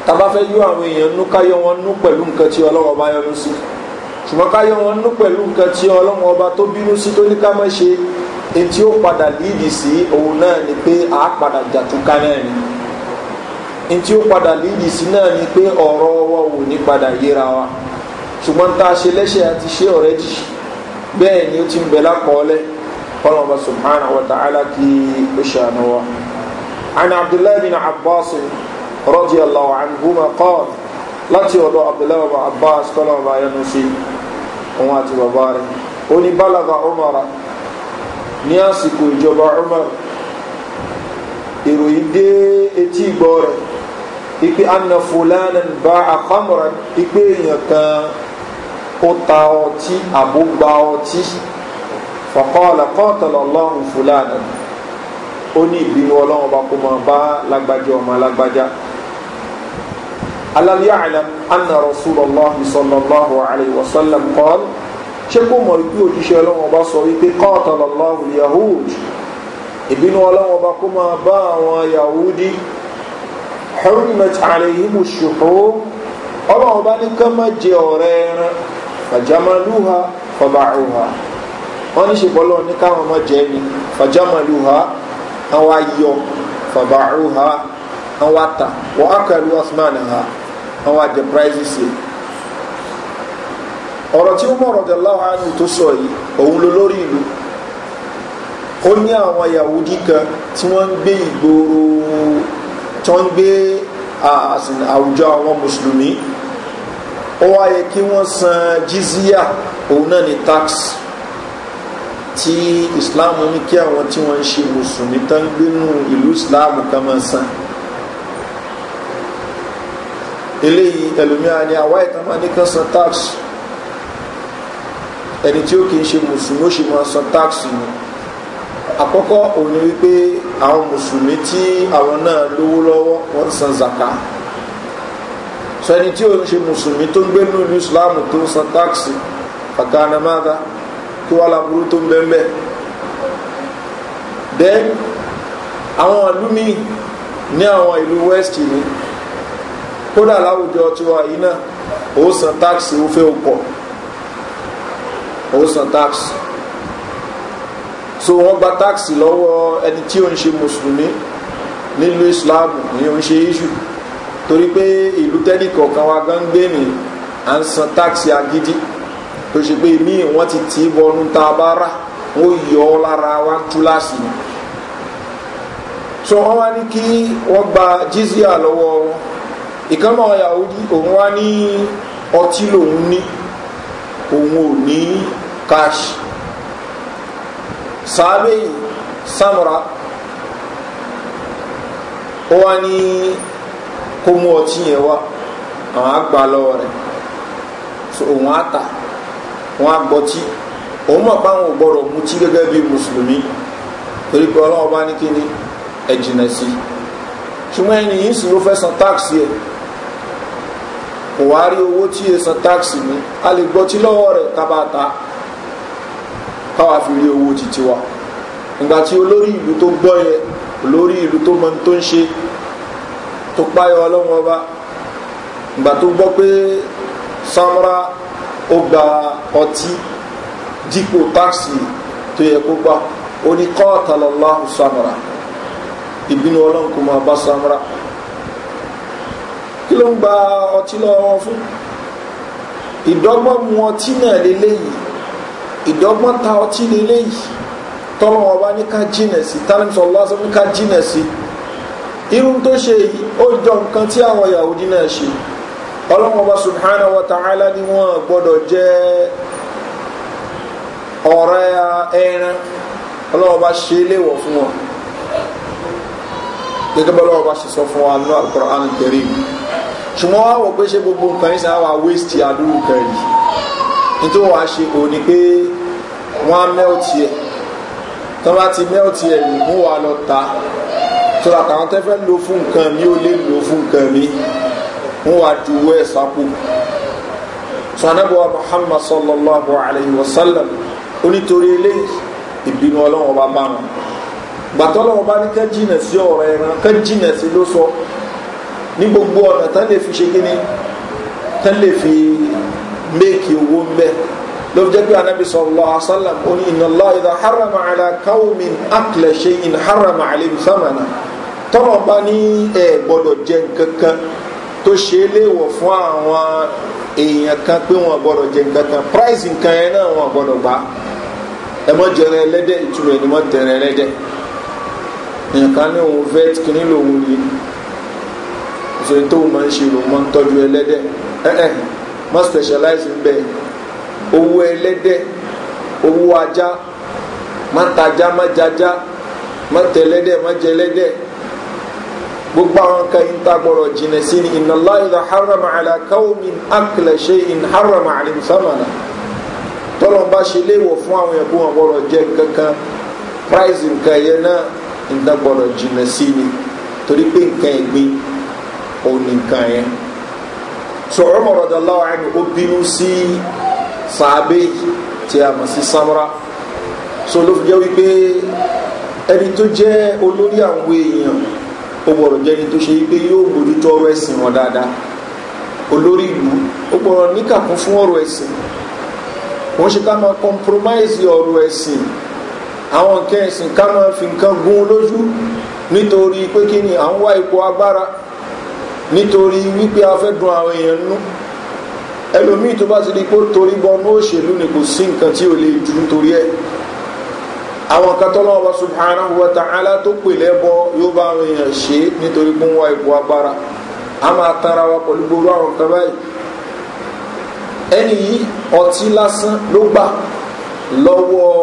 tàbá fẹ́ yọ àwọn èèyàn nú ká yọ wọn nú pẹ̀lú nǹkan tí ọlọ́wọ́n ọba yọnu sí ṣùgbọ́n ká yọ wọn nú pẹ̀lú nǹkan tí ọlọ́wọ́n ọba tó bínú sí tó ní ká má ṣe èyí ó padà líìdì sí òun náà ni pé à á padà jàtúkà náà ni èyí ó padà líìdì sí náà ni pé ọ̀rọ̀ wa ò ní padà yíra wa ṣùgbọ́n tá a ṣe lẹ́ṣẹ̀ àti ṣe ọ̀rẹ́dì bẹ́ẹ̀ ni ó ti ń bẹ̀ lákọọ́lẹ́ قال الله سبحانه وتعالى كي بشانه عن عبد الله بن عباس رضي الله عنهما قال لا تيودو عبد الله بن عباس قال ما ينسي وماتي وبارك وني بلغ عمر نياسكو جبا عمر ìròyìn dé etí ìgbọ́ rẹ̀ ipe anna fulanan bá àkàmùrán ipe èèyàn kan ó ta ọtí àbúgba fọ̀kọ́ọ̀lá kọ́ọ̀tọ̀lọ̀ ọlọ́run fúlàní ó ní ìbínú ọlọ́run bá kó máa bá lágbájá ọmọ lágbájá alábíyá àlẹ́ anna rasulallahu sallallahu alayhi wa sallam kọ́ọ̀lù ṣé kó mọ̀ ìpí òjíṣẹ́ ọlọ́run ọba sọ wípé kọ́ọ̀tọ̀lọ̀ ọlọ́run yahud ìbínú ọlọ́run ọba kó máa bá àwọn yahudi hurmat alayhimu shuhur ọlọ́run ọba ní ká má jẹ ọ̀rẹ́ ẹran fàjámálúha fàbàáhùha wọ́n ní ṣe bọ́lọ́ ní káwọn ọmọ jẹ́ ni fàjámàlú ha àwọn ayọ̀ fàbàrú ha àwọn ata wọ́n akọ̀lù osman ha àwọn àjẹ price ṣe ọ̀rọ̀ tí wọ́n mọ̀rọ̀ dẹ̀láwọ̀ ánú tó sọ yìí òun ló lórí ìlú ó ní àwọn yahudi kan tí wọ́n ń gbé ìgboro tí wọ́n ń gbé àwùjọ àwọn mùsùlùmí ó wáyé kí wọ́n san jizya òun náà ni tax tí islam ní kí àwọn tí wọ́n ń ṣe mùsùlùmí tán gbénú ìlú islam kan máa san eléyìí ẹlòmíà ni àwa ìtàn máa ní kan san tax ẹni tí ó kì í ṣe mùsùlùmí ó ṣe máa san tax ni àkọ́kọ́ òun ni wípé àwọn mùsùlùmí tí àwọn náà lówó lọ́wọ́ wọ́n san zaka sọ ẹni tí ó ń ṣe mùsùlùmí tó ń gbénú ìlú islam tó ń san tax fàkànnà máa kí wọ́n laburú tó ń bẹ́ńbẹ́ then àwọn ìlú míì ní àwọn ìlú west ni kódà láwùjọ tiwa yìí náà ó san tax ó fẹ́ pọ̀ ó san tax so wọ́n gba tax lọ́wọ́ ẹni tí ó ń ṣe mùsùlùmí nílùú islam ní ó ń ṣe iṣu torí pé ìlú tẹ́nìkọ̀ọ̀kan wa gan gbé ní à ń san tax agídí tó ṣe pé mí wọ́n ti tì í bọnú tá bá rà wọ́n yọ ọ́ lára wa ń tú láàsì so wọ́n wá ní kí wọ́n gba jizya lọ́wọ́ wọn ìkànnà yahudi òun wá ní ọtí lòun ní òun ò ní cash sábẹ́ samura ó wá ní kó mú ọtí yẹn wá àwọn àgbà lọ́wọ́ rẹ̀ so òun á tà wọn á gbọtí òun mọ̀ pé àwọn ò gbọ́dọ̀ mutí gẹ́gẹ́ bí mùsùlùmí torí pé ọlọ́wọ́ bá ní kí ni ẹ jìnà sí ṣùgbọ́n ẹni yìí sì ló fẹ́ san táàkì ẹ̀ kò wá rí owó tí e san táàkì ní a lè gbọtí lọ́wọ́ rẹ̀ kábàtà káwá fi rí owó títí wa ìgbà tí olórí ìlú tó gbọ́ yẹ olórí ìlú tó mọ tó ń ṣe tó páyọ ọlọ́run ọba ìgbà tó gbọ́ pé samra ó gba ọtí dípò táksì tó yẹ kó gbà ó ní kọ́ọ̀tàlọ́lá samara ìbínú ọlọ́run kò máa bá samara kí ló ń gba ọtí lọ́wọ́ wọn fún ìdọ́gbọ́n mu ọtí náà lélẹ́yìí ìdọ́gbọ́n ta ọtí lélẹ́yìí tọ́lọ́ wọn bá ní ká jìnà sí tálẹ́mùsọ̀ lásán ní ká jìnà sí irun tó ṣe yìí ó jọ nǹkan tí àwọn yahudi náà ṣe ọlọ́run ọba subhanahu wa ta'ala ni wọ́n gbọ́dọ̀ jẹ́ ọ̀rẹ́ ẹran ọlọ́run ọba ṣe léwọ̀ fún wọn gẹ́gẹ́ bọ́ ọlọ́run ọba ṣe sọ fún wa nínú al-Qur'an al-Karim ṣùgbọ́n wá wọ̀ pé ṣe gbogbo nǹkan yìí sáà wà wéṣítì àdúrú kan yìí nítorí wàá ṣe kò ní pé wọ́n á mẹ́ọ̀tì ẹ̀ tọ́ bá ti mẹ́ọ̀tì ẹ̀ yìí mú wa lọ ta tó làtàwọn tẹ́fẹ́ lò fún nǹkan mi ò lè lò fún nǹkan mi wọn wà ju owó ẹ̀ sápò sanabuwa muhammad sallallahu alayhi wa sallam onítorí eléyìí ìbínú ọlọ́wọ́n bá bá wọn gbàtọ́ lọ́wọ́ bá ní ká jìnà sí ọ̀rọ̀ ẹran ká jìnà sí ló sọ ní gbogbo ọ̀nà tán lè fi ṣe kíni tán lè fi méèkì owó ń bẹ́ẹ̀ ló jẹ́ pé anábì sọ̀rọ̀ asálàm ó ìnàlá ìdá harama àlà káwọ́mìn àkìlẹ̀ ṣe harama àlè ìsámànà tọ́nà bá ní ẹ̀ gbọ́dọ̀ jẹ́ nǹkan tó ṣe é léèwọ̀ fún àwọn èèyàn kan pé wọn gbọ́dọ̀ jẹ nǹkan kan price nǹkan yẹn náà wọn gbọ́dọ̀ gbà ẹ mọ jẹrẹ ẹlẹ́dẹ̀ ìtumọ̀ ẹni mọ tẹrẹ ẹlẹ́dẹ̀ èèyàn kan ní òun vet kìíní lòun ni ìṣòro tó máa ń ṣe lòun máa ń tọ́jú ẹlẹ́dẹ̀ ẹ̀ẹ́ mọ specialize ń bẹ owó ẹlẹ́dẹ̀ owó ajá má tajá má jajá má tẹ̀lẹ́dẹ̀ má jẹlẹ́dẹ̀ gbogbo àwọn kan yìí ta gbọ́dọ̀ jìnà sí ni iná láìda harama ala kaumin akla ṣe in harama alim samana tọ́lọ̀ bá ṣe léwọ̀ fún àwọn ẹ̀kọ́ wọn gbọ́dọ̀ jẹ́ kankan price nǹkan yẹn náà iná gbọ́dọ̀ jìnà sí ni torí pé nǹkan ẹ̀gbin òun ni nǹkan yẹn so ọmọ rọ̀dà láwọn àmì ó bínú sí sàábé a mọ̀ sí samra so ló fi jẹ́ wípé ẹni tó jẹ́ olórí àwọn èèyàn ó gbọ́dọ̀ jẹ́ni tó ṣe pé yóò mójútó ọ̀rọ̀ ẹ̀sìn wọn dáadáa olórí ìlú ó gbọ́dọ̀ níkàkún fún ọ̀rọ̀ ẹ̀sìn wọ́n ṣe ká máa compromise ọ̀rọ̀ ẹ̀sìn àwọn nǹkan ẹ̀sìn ká máa fi nǹkan gún lójú nítorí pé kí ni à ń wá ipò agbára nítorí wípé a fẹ́ dun àwọn èèyàn nú ẹlòmíì tó bá ti di pé torí bọ́ọ̀nù òṣèlú ni kò sí nǹkan tí ò lè ju nítorí ẹ̀ àwọn kan tó lọ́wọ́ subhanahu wa ta'ala tó pè lẹ́bọ yóò bá àwọn èèyàn ṣe nítorí pé ń wá ipò agbára a máa tara wa pẹ̀lú gbogbo àwọn kan báyìí ẹni yìí ọtí lásán ló gbà lọ́wọ́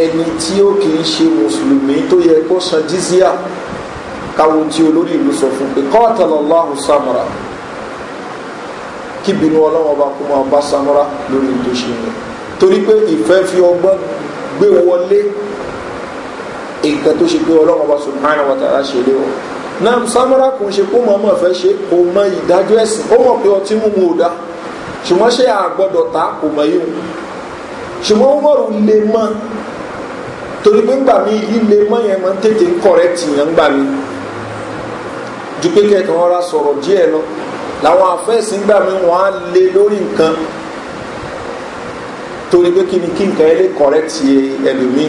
ẹni tí ó kì í ṣe mùsùlùmí tó yẹ kó san jizya káwọn tí olórí ìlú sọ fún pé kọ́ọ̀tàlọ́láhùn samara kíbinú ọlọ́wọ́ bá kó máa bá samara lórí tó yẹn torí pé ìfẹ́ fi ọgbọ́n gbé wọlé nǹkan tó ṣe pé ọlọ́run ọba ṣe lé wọn náà samara kò ṣe kó mọ̀ọ́mọ̀ fẹ́ ṣe kò mọ ìdájọ́ ẹ̀sìn ó mọ̀ pé ọtí mímu ò dá ṣùgbọ́n ṣé àgbọ̀dọ̀ ta kò mọ̀ yìí ṣùgbọ́n ó mọ̀rù lè mọ́ torí pé làwọn gbà á lé lórí nǹkan torí pé kí ni kí nǹkan ẹlẹ́ kọ̀rẹ́tì ẹlòmíì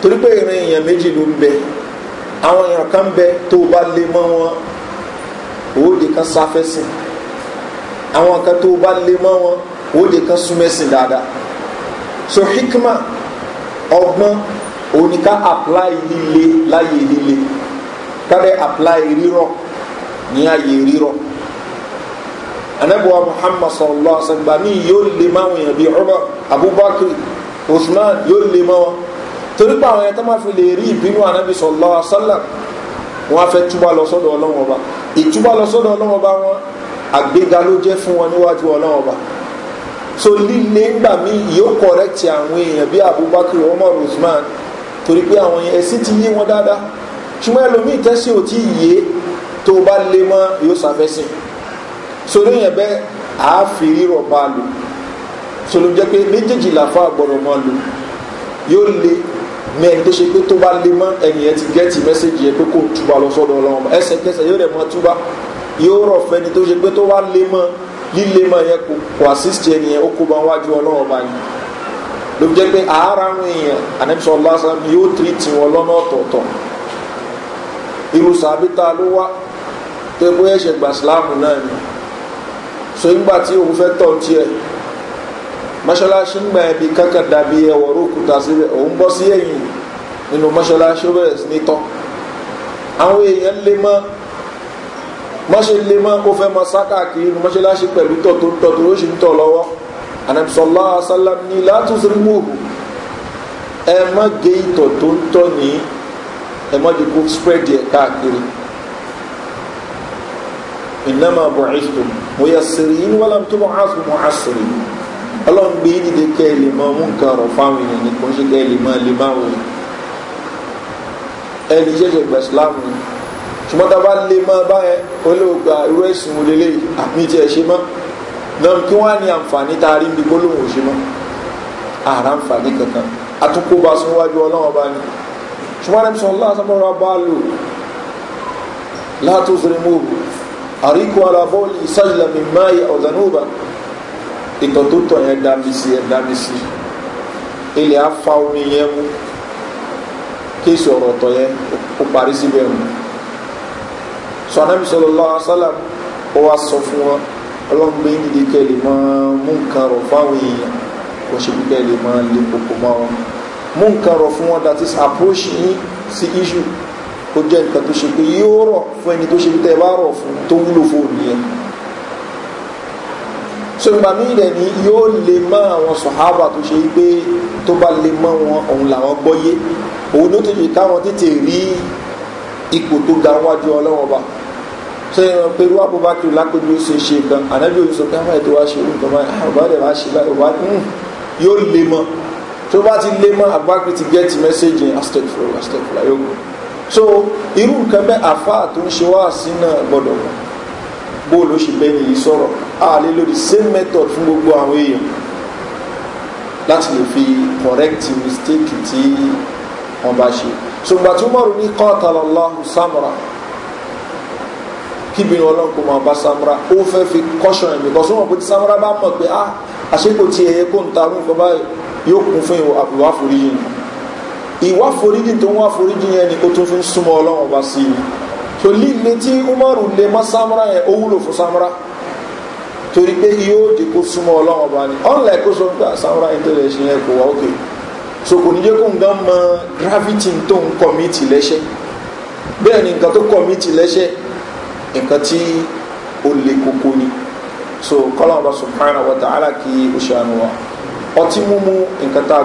torí pé ìrìn èèyàn méjì ló ń bẹ àwọn èèyàn kan ń bẹ tó o bá lé mọ́ wọn òde kan sáfẹ́sìn àwọn kan tó o bá lé mọ́ wọn òde kan súnmẹ́sìn dáadáa so hikma ọgbọ́n òní apply líle láyè líle ká apply rírọ̀ ní ààyè rírọ̀ anabuwa muhammad sallallahu alaihi wa sallam ní yóò lè má wọn yàn bí ọba abubakar usman yóò lè má wọn torí pé àwọn yẹn tó máa fi lè rí ìbínú anabi sallallahu alaihi wa sallam wọn á fẹ́ túbọ̀ lọ sọ́dọ̀ ọlọ́wọ́n ọba ìtúbọ̀ lọ sọ́dọ̀ wọn àgbéga ló jẹ́ fún wọn níwájú ọlọ́wọ́n ọba so líle ńgbà mí yóò kọ̀rẹ́tì àwọn èèyàn bí abubakar omar usman torí pé àwọn yẹn ẹ̀sìn ti yé wọn dáadáa ṣùgbọ́n ẹlòmíì tẹ́sí ò yé tó bá lé mọ́ yóò ṣàfẹ́sìn sórí yẹn bẹ́ẹ̀ àáfi rírọ̀ máa lò sọlọ jẹ́ pé méjèèjì làfa àgbọ̀rọ̀ máa lò yóò le mẹ ẹni tó ṣe pé tó bá le mọ́ ẹni yẹn ti gẹ́ẹ̀tì mẹ́sẹ̀gì yẹn pé kò túbà lọ sọ́dọ̀ ọlọ́run ẹsẹ̀kẹsẹ̀ yóò dẹ̀ mọ́ túbà yóò rọ̀ fẹ́ni tó ṣe pé tó bá le mọ́ líle mọ́ yẹn kò kò assist ẹni yẹn ó kó bá wájú ọlọ́run bá yẹn ló jẹ́ pé àárá ń rìn yẹn ànẹ́bísọ̀ ọlọ́sàn yóò tiri tì wọ́n lọ́nà ọ̀tọ̀ọ̀tọ̀ irú sàbítà ló wá tó ẹgbẹ́ ẹ̀ṣẹ̀ gbà síláàmù náà so nígbà tí òun fẹ́ tọ̀ tiẹ̀ mọ́ṣáláṣí ń gbà ẹbí kankan dàbí ẹ̀wọ̀ rókúta síbẹ̀ òun bọ́ sí ẹ̀yìn nínú mọ́ṣáláṣí ó bẹ̀rẹ̀ sí ní tọ́ àwọn èèyàn lè mọ́ mọ́ṣe lè mọ́ ó fẹ́ mọ sákàkiri nínú mọ́ṣáláṣí pẹ̀lú tọ̀ tó ń tọ̀ tó ó sì ń tọ̀ lọ́wọ́ ànàbìsọ̀lá asálàm ní látúnṣerímùhù ẹ má gé ìtọ̀ tó ń tọ̀ ní ẹ má dìbò spread ẹ̀ káàkiri ìnáma bọ̀ ẹ̀ṣin tó mọ̀yàsírí yìí wọ́n láti mọ̀ àṣù mọ̀ àṣìrí ọlọ́run gbé yìí dìde kẹ́ ẹ lè mọ mú nǹkan ọ̀rọ̀ fáwọn èèyàn ní kò ń ṣe kẹ́ ẹ lè mọ lè má wọn ẹni jẹ́jẹ́ gba ìsìláàmù ni ṣùgbọ́n tá a bá lè mọ báyẹn olóògbà ah, irú ẹ̀sìn olélẹ̀ àmì tí ẹ ṣe mọ́ náà kí wọ́n á ní àǹfààní tá a rí níbi gbólóhùn ò ṣe mọ́ àrà àǹfààní kankan àtúnkóbá síwájú ọlọ́run ọba ni ṣùgbọ́n ẹni sọ láti mọ́ra bá lò látòsírí mọ́ọ̀bù Ariko ara bọ́ọ̀lì ìsájìlá mi máa yẹ ọ̀dánúbà ìtọ̀ tó tọ̀ yẹn dámi sí yẹn dámi sí ilẹ̀ á fa omi yẹn mú kéésì ọ̀rọ̀ ọ̀tọ̀ yẹn ó parí síbẹ̀ mu sọ anábì sọlọ lọ asálàm ó wá fún wọn ọlọ́run gbé nídìí kẹ́ lè máa mú nǹkan rọ̀ fáwọn èèyàn kò ṣe kí kẹ́ lè máa lè kókó máa wọn mú nǹkan fún wọn that is approach yín sí issue kó jẹ́ nǹkan tó ṣe pé yóò rọ̀ fún ẹni tó ṣe tẹ́ ẹ bá rọ̀ fún tó wúlò fóònù yẹn so ìgbà míì dẹ̀ ni yóò lè mọ àwọn sọ̀hábà tó ṣe pé tó bá lè mọ wọn òun làwọn gbọ́yé òun ló tètè káwọn tètè rí ipò tó ga wájú ọlọ́wọ́n bá sẹ́yìn wọn pé wàá bọ́bá kiri lápẹ́jú ó ṣe ṣe gan ànábì òun sọ káfáì ah, tó wá ṣe nǹkan máa ah, ọba dẹ̀ wá ṣe báyìí ọba hmm. yóò lè mọ tó bá ti lè mọ àgbákùn ti gẹ́ẹ̀tì mẹ́sẹ̀gì astagfirullah astagfirullah yóò gbọ́ so irú nǹkan bẹ́ẹ̀ àfáà tó ń ṣe wá sí náà gbọ́dọ̀ wọ̀ bó ló ṣe bẹ́ẹ̀ nìyí sọ̀rọ̀ a lè the same method fún gbogbo àwọn èèyàn láti lè fi correct mistake tí wọ́n bá ṣe ṣùgbọ́n tí umaru ní kọ́ńtàlọ́láhù samra kíbinú ọlọ́run kò máa bá samra ó fẹ́ fi caution ẹ̀mí kan sọ́wọ́n pé tí samra bá mọ̀ pé ah àṣepọ̀ tí ẹ̀yẹ kò ń ta arúgbó báyìí yóò kún fún ìwọ àbúrò àforíyìn nìyí ìwá foríjì tó ń wá foríjì ni ó tún fi ń súnmọ́ ọlọ́run bá sí i tó tí umaru lè mọ́ samura yẹn ó wúlò fún samura torí pé yóò di kó súnmọ́ ọlọ́run bá ní ọ̀nlẹ̀ kó sọ pé ah, yẹn tó lè ṣe yẹn so kò ní jẹ́ kó mọ gravity tó ń bẹ́ẹ̀ ni nǹkan tó kọ̀mìtì lẹ́ṣẹ̀ nǹkan tí ó le koko ni so kọ́lá ọba ó wa ọtí nǹkan tá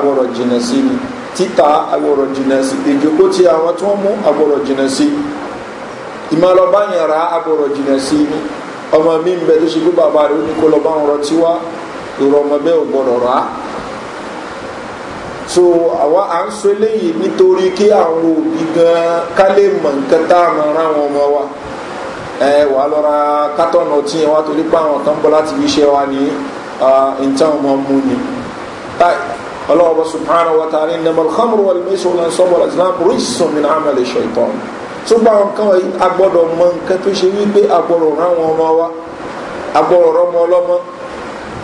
títa agbọ̀rọ̀ jìnà sí ìjókòó tí àwọn tó ń mú agbọ̀rọ̀ jìnà sí ìmọ̀lọ́bá yẹn ra agbọ̀rọ̀ jìnà sí ni ọmọ mi ń bẹ tó ṣe pé bàbá rẹ̀ ó ní kó lọ bá ọ̀rọ̀ tí wá ìrọ̀ ọmọ bẹ́ẹ̀ ò gbọ́dọ̀ rà á so àwa à ń sọ eléyìí nítorí kí àwọn òbí gan ká lè mọ̀ nǹkan tá a mọ̀ ra àwọn ọmọ wa ẹ wàá lọ ra kátọ̀nù ọtí yẹn wá torí pé àwọn kan bọ́ láti fi ṣe wa ní nǹkan ọmọ mu ni ọlọ́wọ́ba subhanahu wa ta'ala innamal khamru wal maisir wal ansab wal azlam rijsun min amali shaitan tó bá wọn kàn wáyé agbọ́dọ̀ mọ nǹkan tó ṣe wípé agbọ́dọ̀ rán wọn ọmọ wa agbọ́dọ̀ rọmọ ọlọ́mọ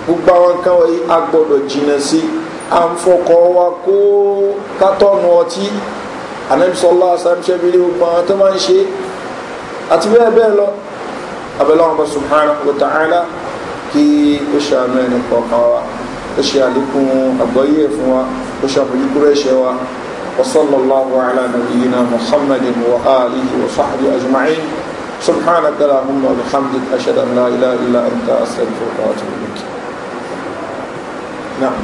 gbogbo àwọn nǹkan wáyé agbọ́dọ̀ jìnà sí àǹfọkọ̀ wa kó kátọ́nù ọtí anamisọ́lá sàmṣẹ́bílẹ̀ gbogbo àwọn tó máa ń ṣe àti bẹ́ẹ̀ bẹ́ẹ̀ lọ abẹ́lẹ́ wọn bá subhanahu wa ta'ala kí ó ṣàánú ẹnì kọ̀ọ̀kan اشياء لكم الضيف àgbọ́yé fún وصلى الله على نبينا محمد وآله وصحبه أجمعين سبحانك اللهم وبحمدك أشهد أن لا إله إلا أنت أستغفرك وأتوب إليك نعم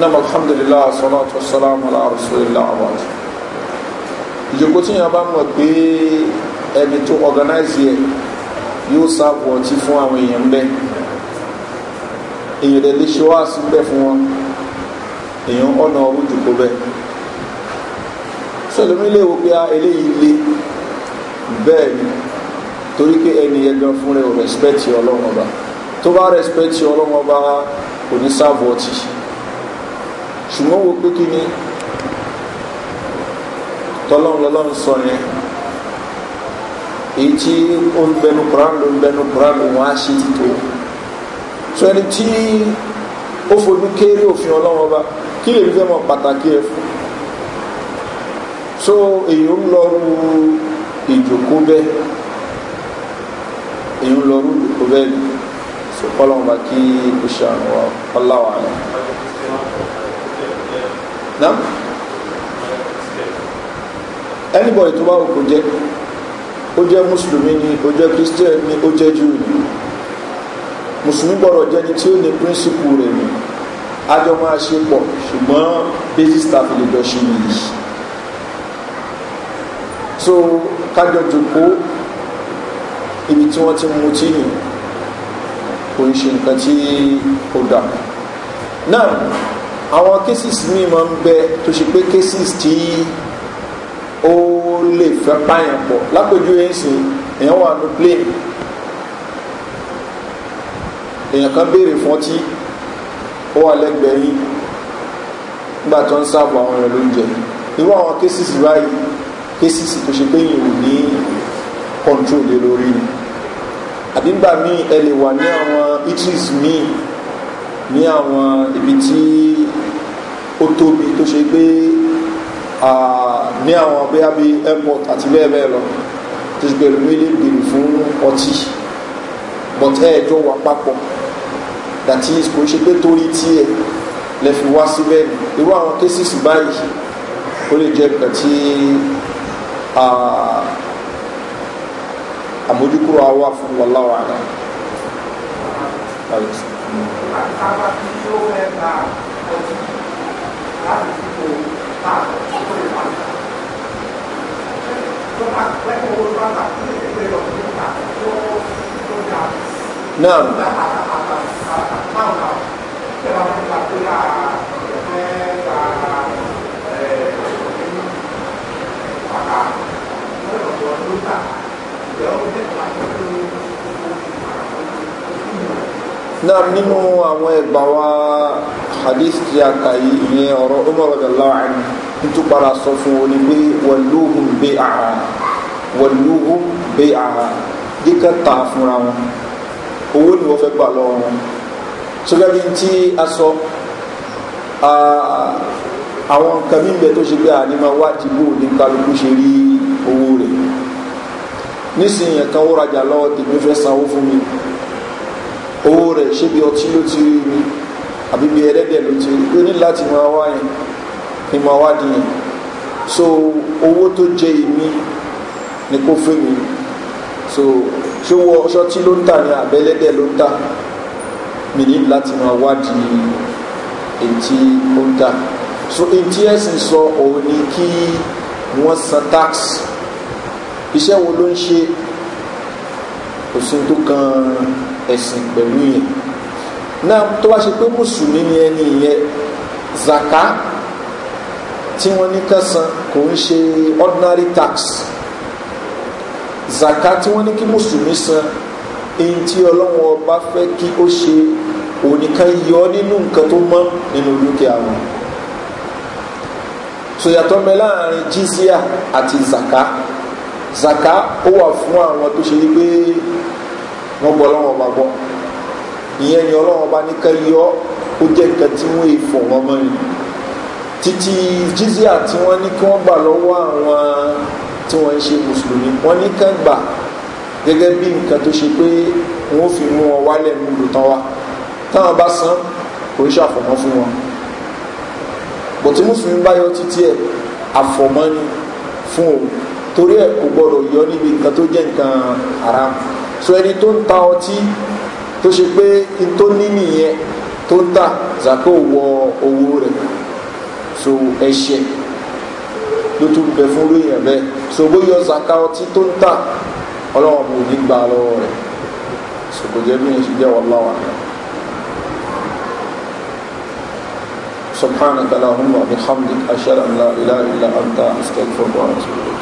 náà alhamdulillah salatu wassalamu ala rasulillah abad ìjòkó tí yàn bá mọ̀ pé ẹni tó organize yẹ yóò sáàbù ọtí fún àwọn èèyàn bẹ́ẹ̀ èèyàn dẹ̀ lè ṣe wá sí bẹ́ẹ̀ fún wọn èèyàn ọ̀nà ọ̀rún jòkó bẹ́ẹ̀ sọlọmí lè wo pé ah, eléyìí lé bẹ́ẹ̀ ni torí pé ẹni yẹn gan fún rẹ̀ ò rẹ̀spẹ̀tì ọlọ́wọ́n ọba tó bá rẹ̀spẹ̀tì ọlọ́wọ́n ọba kò ní sáàbù ọtí ṣùgbọ́n wo pé kí ni tọ́lọ́run lọ́lọ́run sọ yẹn èyí tí ó ń bẹnu kuran ló ń bẹnu kuran ló wọn á ṣe ti tó so ẹni tí ó fojú kéré òfin ọlọ́wọ́n bá kí lè fẹ́ mọ pàtàkì ẹ fún so èyí ń lọrú ìjòkó bẹ́ẹ̀ èyí ń lọrú ìjòkó bẹ́ẹ̀ ni so kọ́lọ́wọ́n bá kí ó ṣe àwọn ọláwàá yẹn náà anybody tó bá wù kó jẹ́ ó jẹ́ mùsùlùmí ni ó jẹ́ christian ni ó jẹ́ jew ni mùsùlùmí gbọ́dọ̀ jẹ́ ni tí ó ní principle rẹ̀ ni ajọ máa ṣe pọ̀ ṣùgbọ́n basis staff lè jọ ṣe nìyí so kájọ jòkó ibi tí wọ́n ti mú tí nì kò ń ṣe nǹkan tí ó dà náà àwọn cases míì máa ń bẹ tó ṣe pé cases tí ó lè fẹ́ pààyàn pọ̀ lápèjú ẹ̀sìn èèyàn wà ní plane èèyàn kan béèrè fún ọtí ó wà lẹ́gbẹ̀ẹ́ yìí nígbà tó ń sáàbù àwọn èèyàn lóúnjẹ irú àwọn cases báyìí cases tó ṣe pé yìí ò ní control lé lórí àbí nígbà míì ẹ lè wà ní àwọn eateries míì ní àwọn ibi tí ó tóbi tó ṣe pé ní àwọn bóyá bí airport àti bẹ́ẹ̀ bẹ́ẹ̀ lọ tó ṣe pé ẹlòmíì lè béèrè fún ọtí but ẹ̀ẹ́dọ́ wà papọ̀ that is kò ṣe pé torí tiẹ̀ lè fi wá síbẹ̀ irú àwọn cases báyìí ó lè jẹ́ nǹkan tí àmójúkúrò àwa fún wàláwàlá. Thank àtàkàbà tí o bá ta tó náà nínú àwọn ẹgbà wa hadith ti àkà yìí ìyẹn ọ̀rọ̀ umar abdullahi ani nítorí padà sọ fún wọn ni pé wàlúhùn bẹ àhà wàlúhùn bẹ àhà díkà tà fúnra wọn owó ni wọ́n fẹ́ gbà lọ́wọ́ wọn sọgbẹ́ bí tí a sọ àwọn nǹkan mímẹ́ tó ṣe pé àníma wá ti bó ní kálukú ṣe rí owó rẹ̀ nísìnyẹn kan ó rajà lọ́wọ́ tèmi fẹ́ sanwó fún mi owó rẹ̀ ṣé bí ọtí ló ti rí àbí bí ẹlẹ́dẹ̀ ló ti rí ó ní láti máa wá yẹn kí n máa wá di yẹn so owó tó jẹ ìmí ni kò fún mi so ṣé wọ ọṣọ tí ló ń tà ní àbẹ́lẹ́dẹ̀ ló ń tà mi ní láti máa wá di èyí ó ń tà so ntí ẹsìn sọ òun ni kí wọn san tax iṣẹ́ wo ló ń ṣe òsín kan ẹ̀sìn pẹ̀lú yẹn náà tó bá ṣe pé mùsùlùmí ni ẹni yẹn zaka tí wọ́n ní kẹsàn kò ń ṣe ordinary tax zaka tí wọ́n ní kí mùsùlùmí san èyí tí ọlọ́wọ́n ọba fẹ́ kí ó ṣe òníkan yọ nínú nǹkan tó mọ́ nínú dúkìá wọn sòyàtọ̀ mẹ́ láàrin jizia àti zaka zaka ó wà fún àwọn tó ṣe wípé wọ́n gbọ́ ọlọ́wọ́n ọba gbọ́ ìyẹn ni ọlọ́wọ́n ọba ní ká yọ ó jẹ́ nǹkan tí wọ́n èèfọ̀ wọn mọ́ ni títí jizia tí wọ́n ní kí wọ́n gbà lọ́wọ́ àwọn tí wọ́n ń ṣe mùsùlùmí wọ́n ní kán gbà gẹ́gẹ́ bí nǹkan tó ṣe pé wọ́n fi mú wọn wálẹ̀ mú lùtàn wa táwọn bá san kò ń ṣàfọ̀mọ́ fún wọn bọ̀tí mùsùlùmí bá yọ títí ẹ̀ àfọ̀mọ́ ni fún òun torí ẹ̀ kò gbọ́dọ̀ yọ níbi nǹkan tó jẹ́ nǹkan haram so ẹni tó ń ta ọtí tó ṣe pé n tó ní nìyẹn tó ń tà zako wọ owó rẹ̀ so ẹ̀ṣẹ̀ ló tún bẹ fún lóyìn bẹ́ẹ̀ so bóyọ zaka ọtí tó ń tà ọlọ́wọ́n kò ní gbà lọ́wọ́ rẹ̀ so kò jẹ́ bí ṣe jẹ́ wọ́n láwọn àná. سبحانك اللهم وبحمدك أشهد أن لا إله إلا أنت أستغفرك وأتوب إليك